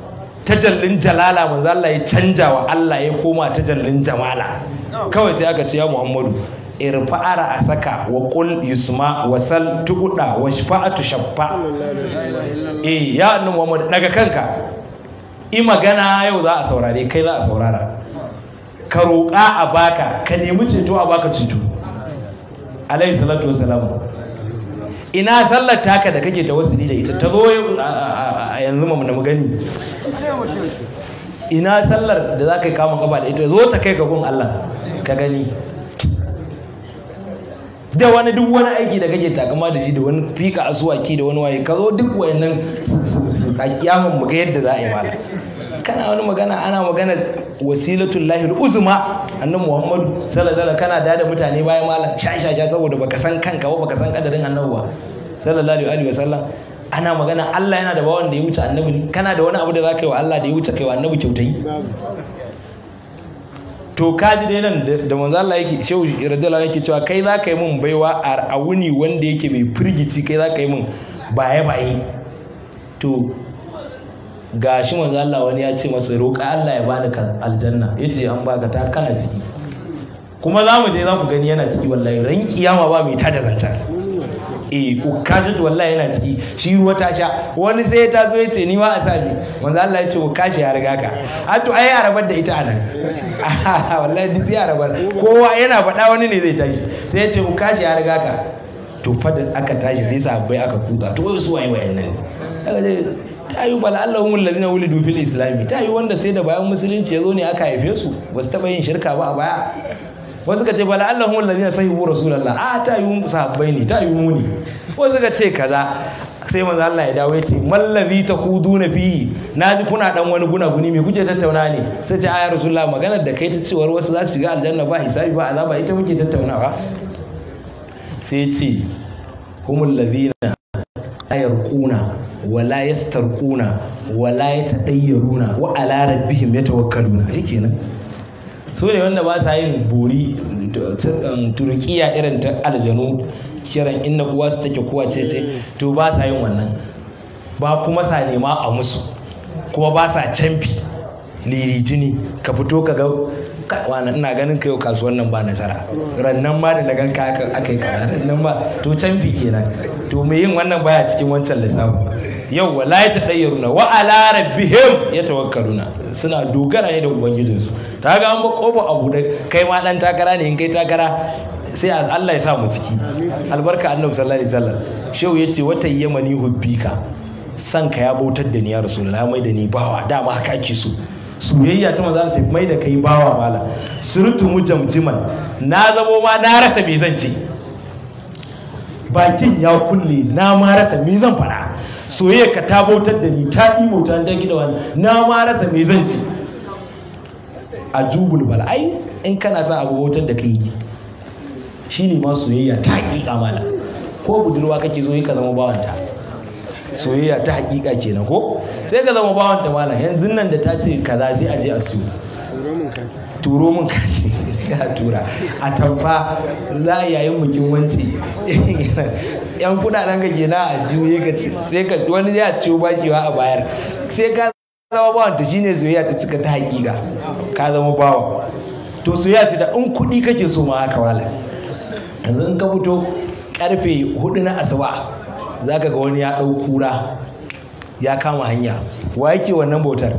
tajallin jalala manzo Allah ya canja wa Allah ya koma tajallin jamala kawai sai aka ce ya Muhammadu irfa'ara a saka wa kul yusma wa sal tukuda wa shafa'atu shaffa eh ya annabi Muhammadu daga kanka i magana yau za a saurare kai za a saurara ka roƙa a baka ka nemi ceto a baka ceto alaihi salatu wassalam ina sallar taka da kake ni da ita ta zo a yanzu mu gani ina sallar da za ka yi kama kafa da ita zo ta kai ga gun Allah ka gani da wani duk wani aiki da kake takama da shi da wani fika asuwaki da wani waye ka zo duk wayannan a kiyamun mu ga yadda za a yi mala kana wani magana ana magana wasilatul lahi uzma annabi muhammadu sallallahu alaihi kana da da mutane bayan mala sha sha saboda baka san kanka ba baka san kadarin annabi sallallahu alaihi wa sallam ana magana Allah yana da bawan da ya wuce annabi ne kana da wani abu da za ka yi wa Allah da ya wuce kai wa annabi kyautai to kaji dai nan da manzo Allah yake shehu radiyallahu yake cewa kai za ka yi mun baiwa a wuni wanda yake mai firgici kai za ka yi mun baye baye to gashi manzo Allah wani ya ce masa roƙa Allah ya bani aljanna yace an baka ta kana ciki kuma za mu je za ku gani yana ciki wallahi ran kiyama ba mai tada zancan eh ukashatu wallahi yana ciki shi ruwa ta sha wani sai ya taso ya ce ni ma a sa ni Allah ya ce kashi ya riga ka a to ai arabar da ita anan wallahi duk sai arabar kowa yana faɗa wani ne zai tashi sai ya ce kashi ya riga ka to fa da aka tashi sai sa bai aka kuka to su waye wayannan nan ta yi bala Allah hun ladina na wulidu fil islami ta yi wanda sai da bayan musulunci ya zo ne aka haife su ba su taɓa yin shirka ba a baya wasu ka ce bala Allah hun lalina sai rasulallah a ah, ta yi mun sahabbai ne ta yi muni wasu ka ce kaza sai manzo Allah ya dawo ya ce mallazi ta kudu na fi na ji kuna dan wani gunaguni me kuke tattauna ne sai ce ayar rasulullah maganar da kai ta cewar wasu za su shiga aljanna ba hisabi ba azaba ita muke tattaunawa sai ce humul ladina yarquna wala yastarquna wala yatadayyaruna wa ala rabbihim yatawakkaluna su ne wanda ba sa yin buri turkiya irin ta aljanu kiran inda kuwa su take kuwa ce ce to ba sa yin wannan ba kuma sa nema a musu kuma ba sa canfi liritini ka fito ka ga wani ina ganin ka yau kasuwan nan ba nasara rannan ma da na gan ka aka yi kaza rannan ba to canfi kenan to me yin wannan baya cikin wancan lissafin yau yawwa la ya na wa ala rabbihim na suna dogara ne da ubangijinsu ta ga an ba kofa a gudan kai ma dan takara ne in kai takara sai Allah ya sa mu ciki albarka annabi sallallahu alaihi wasallam shehu yace wata yamani hubbika san ka ya bautar da ni ya rasulullahi mai da ni bawa dama haka ake so soyayya ta maza ta mai da kai bawa mala surutu mu jamjiman na zamo ma na rasa me zan ce bakin ya kulle na ma rasa me zan fara soyayya ka ta bautar da ni ta ɗimo ta ta gida wani na ma rasa me zan ci a jubul bala in kana sa abu bautar da kai shi ne ma soyayya ta haƙiƙa mana ko budurwa kake zo ka zama bawanta soyayya ta haƙiƙa kenan ko sai ka zama bawanta malam yanzu nan da ta ce kaza sai a je a siyo turo min kaji sai a tura a tamfa za a yayin mukin wance yan kudaden ka gina a juye ka sai ka wani zai a ciwo bashewa a bayar sai ka zama bawan ta shine soyayya ta cika ta hakika ka zama bawan to soyayya sai ta in kuɗi kake so ma haka wala yanzu in ka fito karfe hudu na asuba za ka ga wani ya ɗau kura ya kama hanya wa yake wannan bautar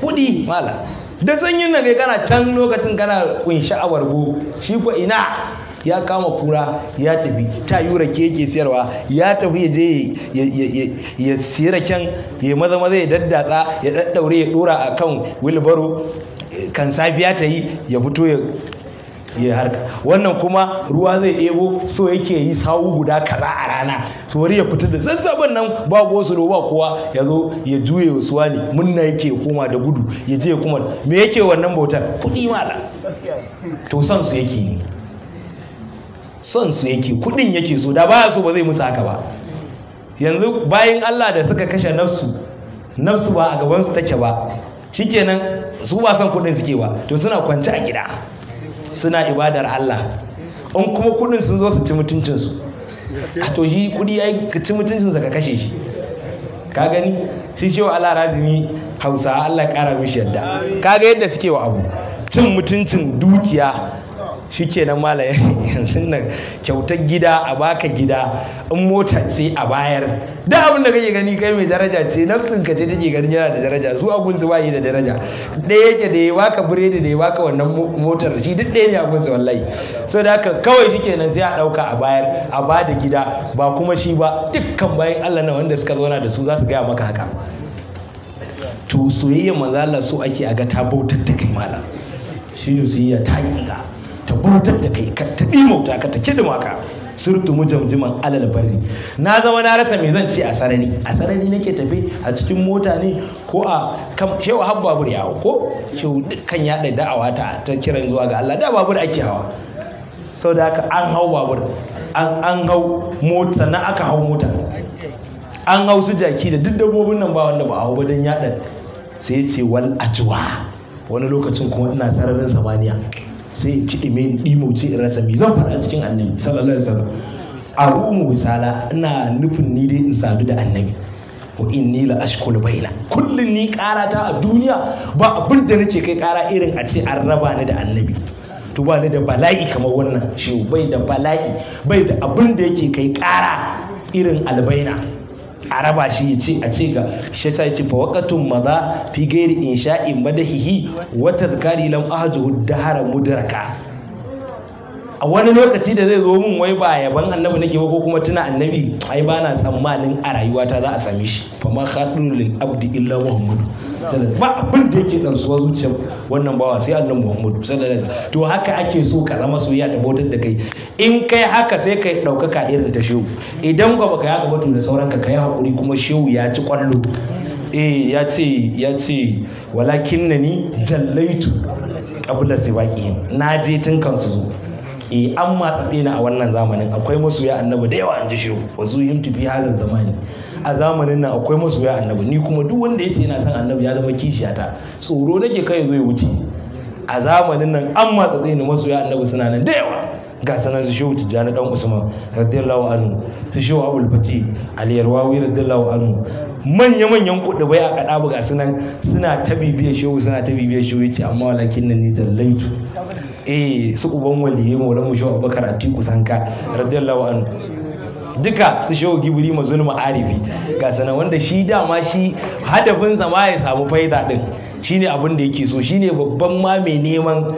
kuɗi mala da sanyin nan ne kana can lokacin kana kunshi a wargo, shi ko ina ya kama kura ya tafi ta yi rake yake siyarwa ya tafi ya je ya siya raken ya maza maza ya daddatsa ya daddaure ya dora a kan wilbaro eh, kan safiya ta yi ya fito ya ya harka wannan kuma ruwa zai ɗebo so yake yi sawu guda kaza a rana to wari ya fita da zazzabin nan ba gosulo ba kowa ya zo ya juye wasu wani munna yake koma da gudu ya je kuma me yake wannan bautar kuɗi mala to son su yake ne son su yake kuɗin yake so da baya so ba zai musu haka ba yanzu bayan Allah da suka kashe nafsu nafsu ba a gaban gabansu take ba shikenan su ba son kuɗin suke ba to suna kwance a gida suna ibadar Allah in kuma kudin sun zo su ci mutuncinsu a to shi kudi ya yi ci mutuncinsa ka kashe shi ka gani shi ce wa Allah razumi hausa Allah kara mishi yadda ka ga yadda suke wa abu cin mutuncin dukiya shi kenan nan yanzu nan kyautar gida a baka gida in mota ce a bayar da abin da kake gani kai mai daraja ce nafsin ka ce take ganin yana da daraja su abun su bayi da daraja Da yake da ya baka biredi da ya baka wannan motar shi duk ɗaya ne abun su wallahi so da haka kawai shi kenan sai a ɗauka a bayar a ba da gida ba kuma shi ba dukkan bayan Allah na wanda suka zauna da su za su gaya maka haka to soyayya manzo Allah so ake a ga ta bautar ta kai malam shi ne soyayya ta ƙira ta bautar da kai ka ta mauta ka ta kidima ka surtu mujamjiman alal barri na zama na rasa mai zan ce a sarari a sarari nake tafi a cikin mota ne ko a kam shewa har babur ya ko shewa dukkan ya ɗai da'awa ta ta kiran zuwa ga Allah da babur ake hawa sau da haka an hau babur an hau mota sannan aka hau mota an hau su jaki da duk dabbobin nan ba wanda ba a hau badan don yaɗa sai ce wal ajuwa wani lokacin kuma ina sararin samaniya sai in ci ɗime ɗimo ce in rasa mi zan faɗa cikin annabi sallallahu alaihi wasallam a misala ina nufin ni dai in sadu da annabi wa inni la ashkul baina kullun ni karata a duniya ba abin da nake kai kara irin a ce an raba ni da annabi to ba ni da bala'i kamar wannan shi bai da bala'i bai da abin da yake kai ƙara irin albaina a raba shi ya ce a ce ga shi sai ce fa waqatun maza fi in insha'i madahihi wa tadhkari lam ahjuhu dahara mudraka a wani lokaci da zai zo min wai ba yaban annabi nake ba ko kuma tuna annabi ai ba na tsammanin a rayuwata za a same shi fa ma khadul lil abdi illa muhammad ba abin da yake ɗansuwa zuciyar wannan bawa sai annabi muhammad sallallahu alaihi to haka ake so ka zama soyayya ta bautar da kai in kai haka sai kai ɗaukaka irin ta shehu idan ba baka ya ba da sauran ka kai hakuri kuma shehu ya ci kwallo eh ya ce ya ce walakin ni jallaitu qabla sibaqihim na je tun kansu zo eh an matsatse na a wannan zamanin akwai masoya annabi da yawa an ji shehu wa zu halin zamani a zamanin nan akwai masoya annabi ni kuma duk wanda ya ce yana son annabi ya zama kishiyata tsoro ke kai zo ya wuce a zamanin nan an matsatse ni masoya annabi suna nan da yawa ga sanan su shehu tijjani dan usman radiyallahu anhu su shehu abul fati aliyar wawi radiyallahu anhu manya-manyan kuɗubai a kaɗa buga sunan suna ta bibiyar shehu suna ta bibiyar shehu ya ce amma walakin nan ni zallaitu eh su uban waliye maulan mu shehu abubakar atiku sanka radiyallahu anhu duka su shehu gibiri Zulma arifi ga sanan wanda shi dama shi hadafin zama ya samu faida din shine abin da yake so shine babban ma mai neman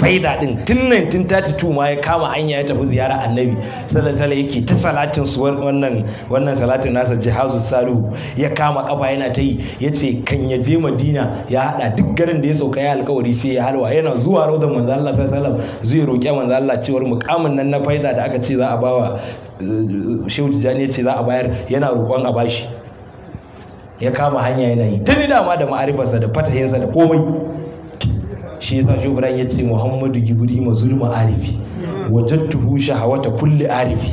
faida din tun 1932 ma ya kama hanya ya tafi ziyara annabi sallallahu yake ta salatin su wannan wannan salatin nasa jihazu salu ya kama kafa yana ta yi yace kan ya je madina ya hada duk garin da ya sauka ya alkawari sai ya halwa yana zuwa raudan manzo Allah sallallahu alaihi zai roƙi manzo Allah cewar mukamin nan na faida da aka ce za a bawa eh, shehu tijani ce za a bayar yana roƙon a bashi ya kama hanya yana yi tuni dama da ma'arifarsa da fatahinsa da komai shi yasa shi Ibrahim ya ce Muhammadu ma mazulma arifi hawa shahawata kulli arifi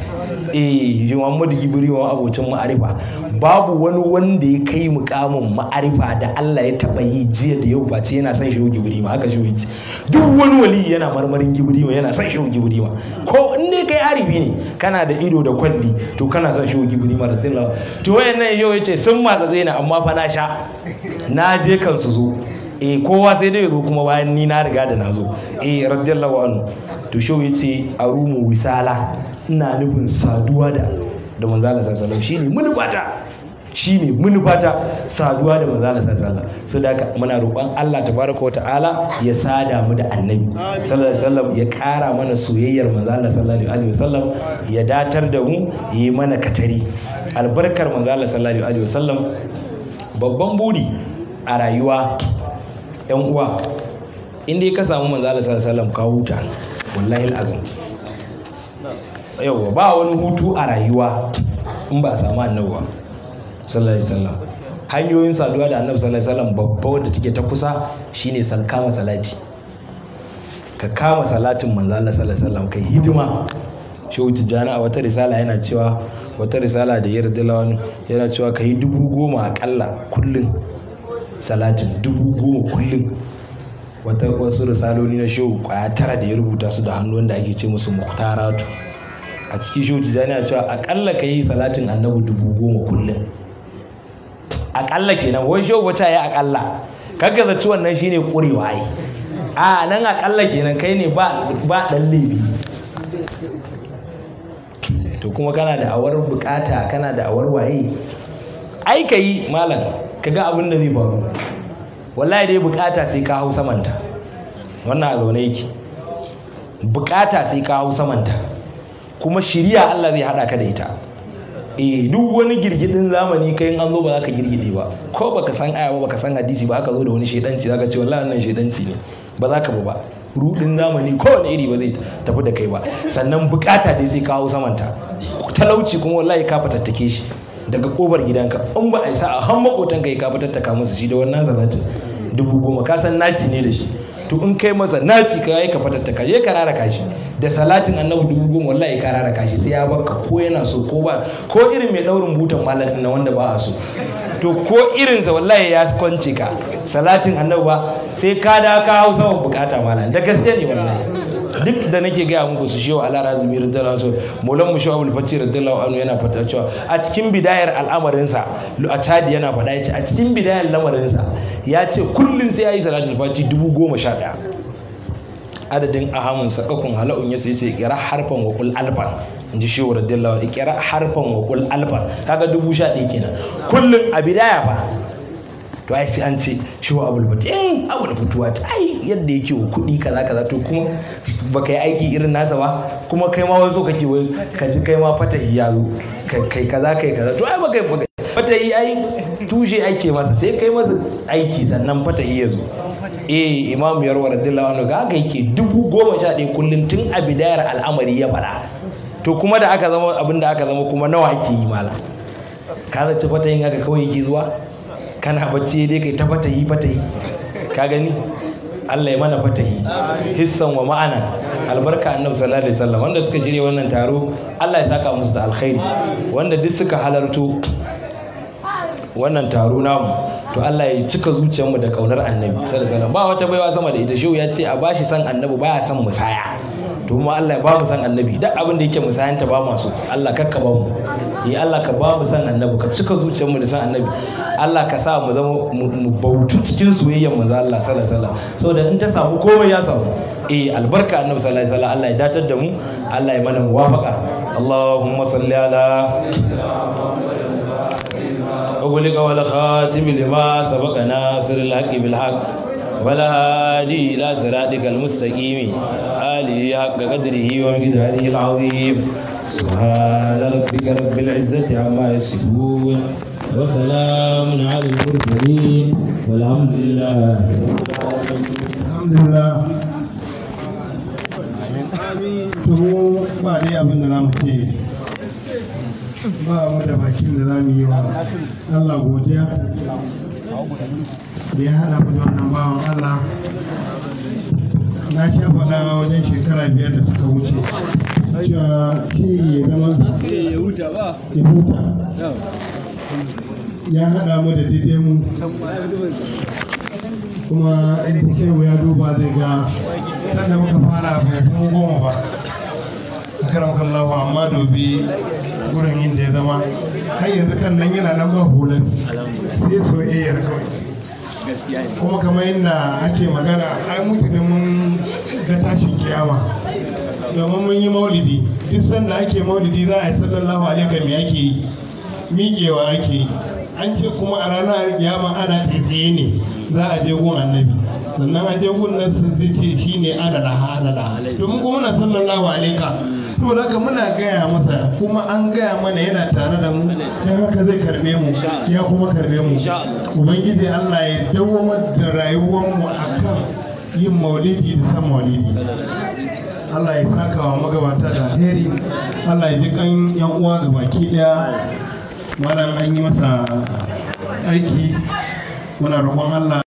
eh Muhammadu Gibri wa abocin ma'arifa babu wani wanda ya kai mukamin ma'arifa da Allah ya taba yi jiya da yau ba ce yana son shi Gibri ma haka shehu duk wani wali yana marmarin Gibri ma yana son shi Gibri ma ko in kai arifi ne kana da ido da kwalli to kana son shi Gibri ma radiyallahu to wayannan shehu yace sun matsa zaina amma fa na sha na je kan su zo eh kowa sai dai zo kuma bayan ni na riga da na zo eh radiyallahu anhu to shau yace rumu wisala ina nufin saduwa da da manzo Allah sallallahu alaihi wasallam shine mun bata shine mun fata saduwa da manzo Allah sallallahu alaihi so da muna roƙon Allah tabaraka wa ta'ala ya sada mu da annabi sallallahu alaihi wasallam ya ƙara mana soyayyar manzo Allah sallallahu alaihi wasallam ya datar da mu ya yi mana katari albarkar manzo Allah sallallahu alaihi wasallam babban buri a rayuwa yan uwa in dai ka samu manzo Allah sallallahu alaihi wasallam ka huta wallahi alazim yawa ba wani hutu a rayuwa in ba a samu annabi ba sallallahu alaihi wasallam hanyoyin saduwa da annabi sallallahu alaihi wasallam babba wadda take ta kusa shine san kama salati ka kama salatin manzo Allah sallallahu alaihi wasallam kai hidima shehu tijjani a wata risala yana cewa wata risala da yarda wani yana cewa ka yi dubu goma akalla kullum salatin dubu goma kullum wata wasu risaloli na shehu kwaya tara da ya rubuta su da hannu wanda ake ce musu muktaratu a cikin shehu tijani a cewa akalla ka yi salatin annabi dubu goma kullum akalla kenan wai shehu wata ya akalla kaga zaci wannan shine kurewa ai a nan akalla kenan kai ne ba dan lebi to kuma kana da awar bukata kana da awar waye ai ka yi malam ka ga abin da zai faru wallahi dai bukata sai ka hau samanta wannan a zaune yake bukata sai ka hau samanta kuma shiriya Allah zai hada ka da ita eh duk wani girgidin zamani kai an zo ba za ka girgide ba ko baka san aya ba baka san hadisi ba aka zo da wani shedanci zaka ce wallahi wannan shedanci ne ba za ka ba ba rudin zamani kowane iri ba zai tafi da kai ba sannan bukata dai sai kawo samanta talauci kuma wallahi ka fatattake shi daga kobar gidanka in ba a sa a han makotanka ya kafa tattaka musu shi da wannan salatin dubu goma ka san naci ne da shi to in kai masa naci ka yi ka fatattaka ya ka kashi. da salatin annabi dubu goma wallahi ya karara kashi, sai ya baka ko yana so ko ba ko irin mai daurin butan malam na wanda ba a so to ko irin sa wallahi ya kwance ka salatin annabi ba sai ka da ka Hausa bukata malam da gaske ne wallahi duk da nake gaya muku su shewa ala razumi radiyallahu anhu maulan mu shawabul fati radiyallahu anhu yana fata cewa a cikin bidayar al'amarinsa a cadi yana fada ya ce a cikin bidayar lamarinsa, ya ce kullum sai ya yi salatul fati dubu goma sha ɗaya adadin ahamun sakakun hala'un ya yace kira harfan wa kul alfan in ji shewa radiyallahu anhu kira harfan wa kul alfan kaga dubu sha daya kenan kullum a bidaya fa to ai sai an ce shi wa abul fati in eh, abul fituwa ta ai yadda yake wa kuɗi kaza kaza to kuma baka yi aiki irin nasa ba kuma kai ma wasu kake wai ka ji kai ma fatahi ya zo kai kaza kai kaza to ai baka yi fatahi ai tushe ake masa sai kai masa aiki sannan fatahi ya zo eh imam Yarwar radiyallahu anhu ga haka yake dubu goma sha ɗaya kullum tun a bidayar al'amari ya faɗa to kuma da aka zama abin da aka zama kuma nawa ake yi mala ka zaci fatahin haka kawai yake zuwa kana bacci dai kai ta fatahi fatahi ka gani Allah ya mana fatahi hissan wa ma'ana albarka annabi sallallahu alaihi wasallam wanda suka shirya wannan taro Allah ya saka musu da alkhairi wanda duk suka halarto wannan taro namu to Allah ya cika zuciyarmu da kaunar annabi sallallahu alaihi wasallam ba wata baiwa sama da ita shehu ya ce a bashi san annabi baya san musaya to mu Allah ya ba mu san annabi duk abin da yake musayanta ba masu Allah kakka ba mu yi eh, Allah ka ba mu san annabi ka cika zuciyar mu da san annabi Allah ka sa mu zama mu bautu cikin soyayyar manzo Allah sallallahu alaihi wasallam saboda in ta samu komai ya samu eh albarka annabi sallallahu alaihi wasallam Allah ya datar da mu Allah ya mana muwafaqa Allahumma salli ala أغلق والخاتم لما سبق ناصر الحق بالحق ولا هادي إلى صراطك المستقيم هادي حق قدره ومقداره العظيم سبحان ربك رب العزة عما يصفون وسلام على المرسلين والحمد لله الحمد لله to ba dai abin da namu ke ba mu da bakin da za mu yi wa Allah godiya da ya haɗa mu da wannan bawan Allah na sha faɗa wajen shekara biyar da suka wuce cewa shi ya zama ya huta ya haɗa mu da daidai mu kuma in ya duba zai ga sanda muka fara bai goma ba akaram kallahu amma wurin gurin inda ya zama har yanzu kan nan yana nan ba hulan sai soyayyar kawai kuma kamar yadda ake magana ai mutu da mun ga tashin kiyama domin mun yi maulidi duk sanda ake maulidi za a yi sallallahu alaihi wa sallam ake yi miƙewa ake yi an ce kuma a ranar kiyama ana tsaye ne za a je gun annabi sannan a je gun nan sun ce shi ne adalaha adalaha domin kuma na sallallahu alaika to daga muna gaya masa kuma an gaya mana yana tare da mu ya haka zai karbe mu ya kuma karbe mu ubangiji Allah ya dawamar da rayuwar mu a kan yin maulidi da san maulidi Allah ya saka wa magabata da alheri Allah ya ji kan yan uwa ga baki daya wannan an yi masa aiki muna roƙon Allah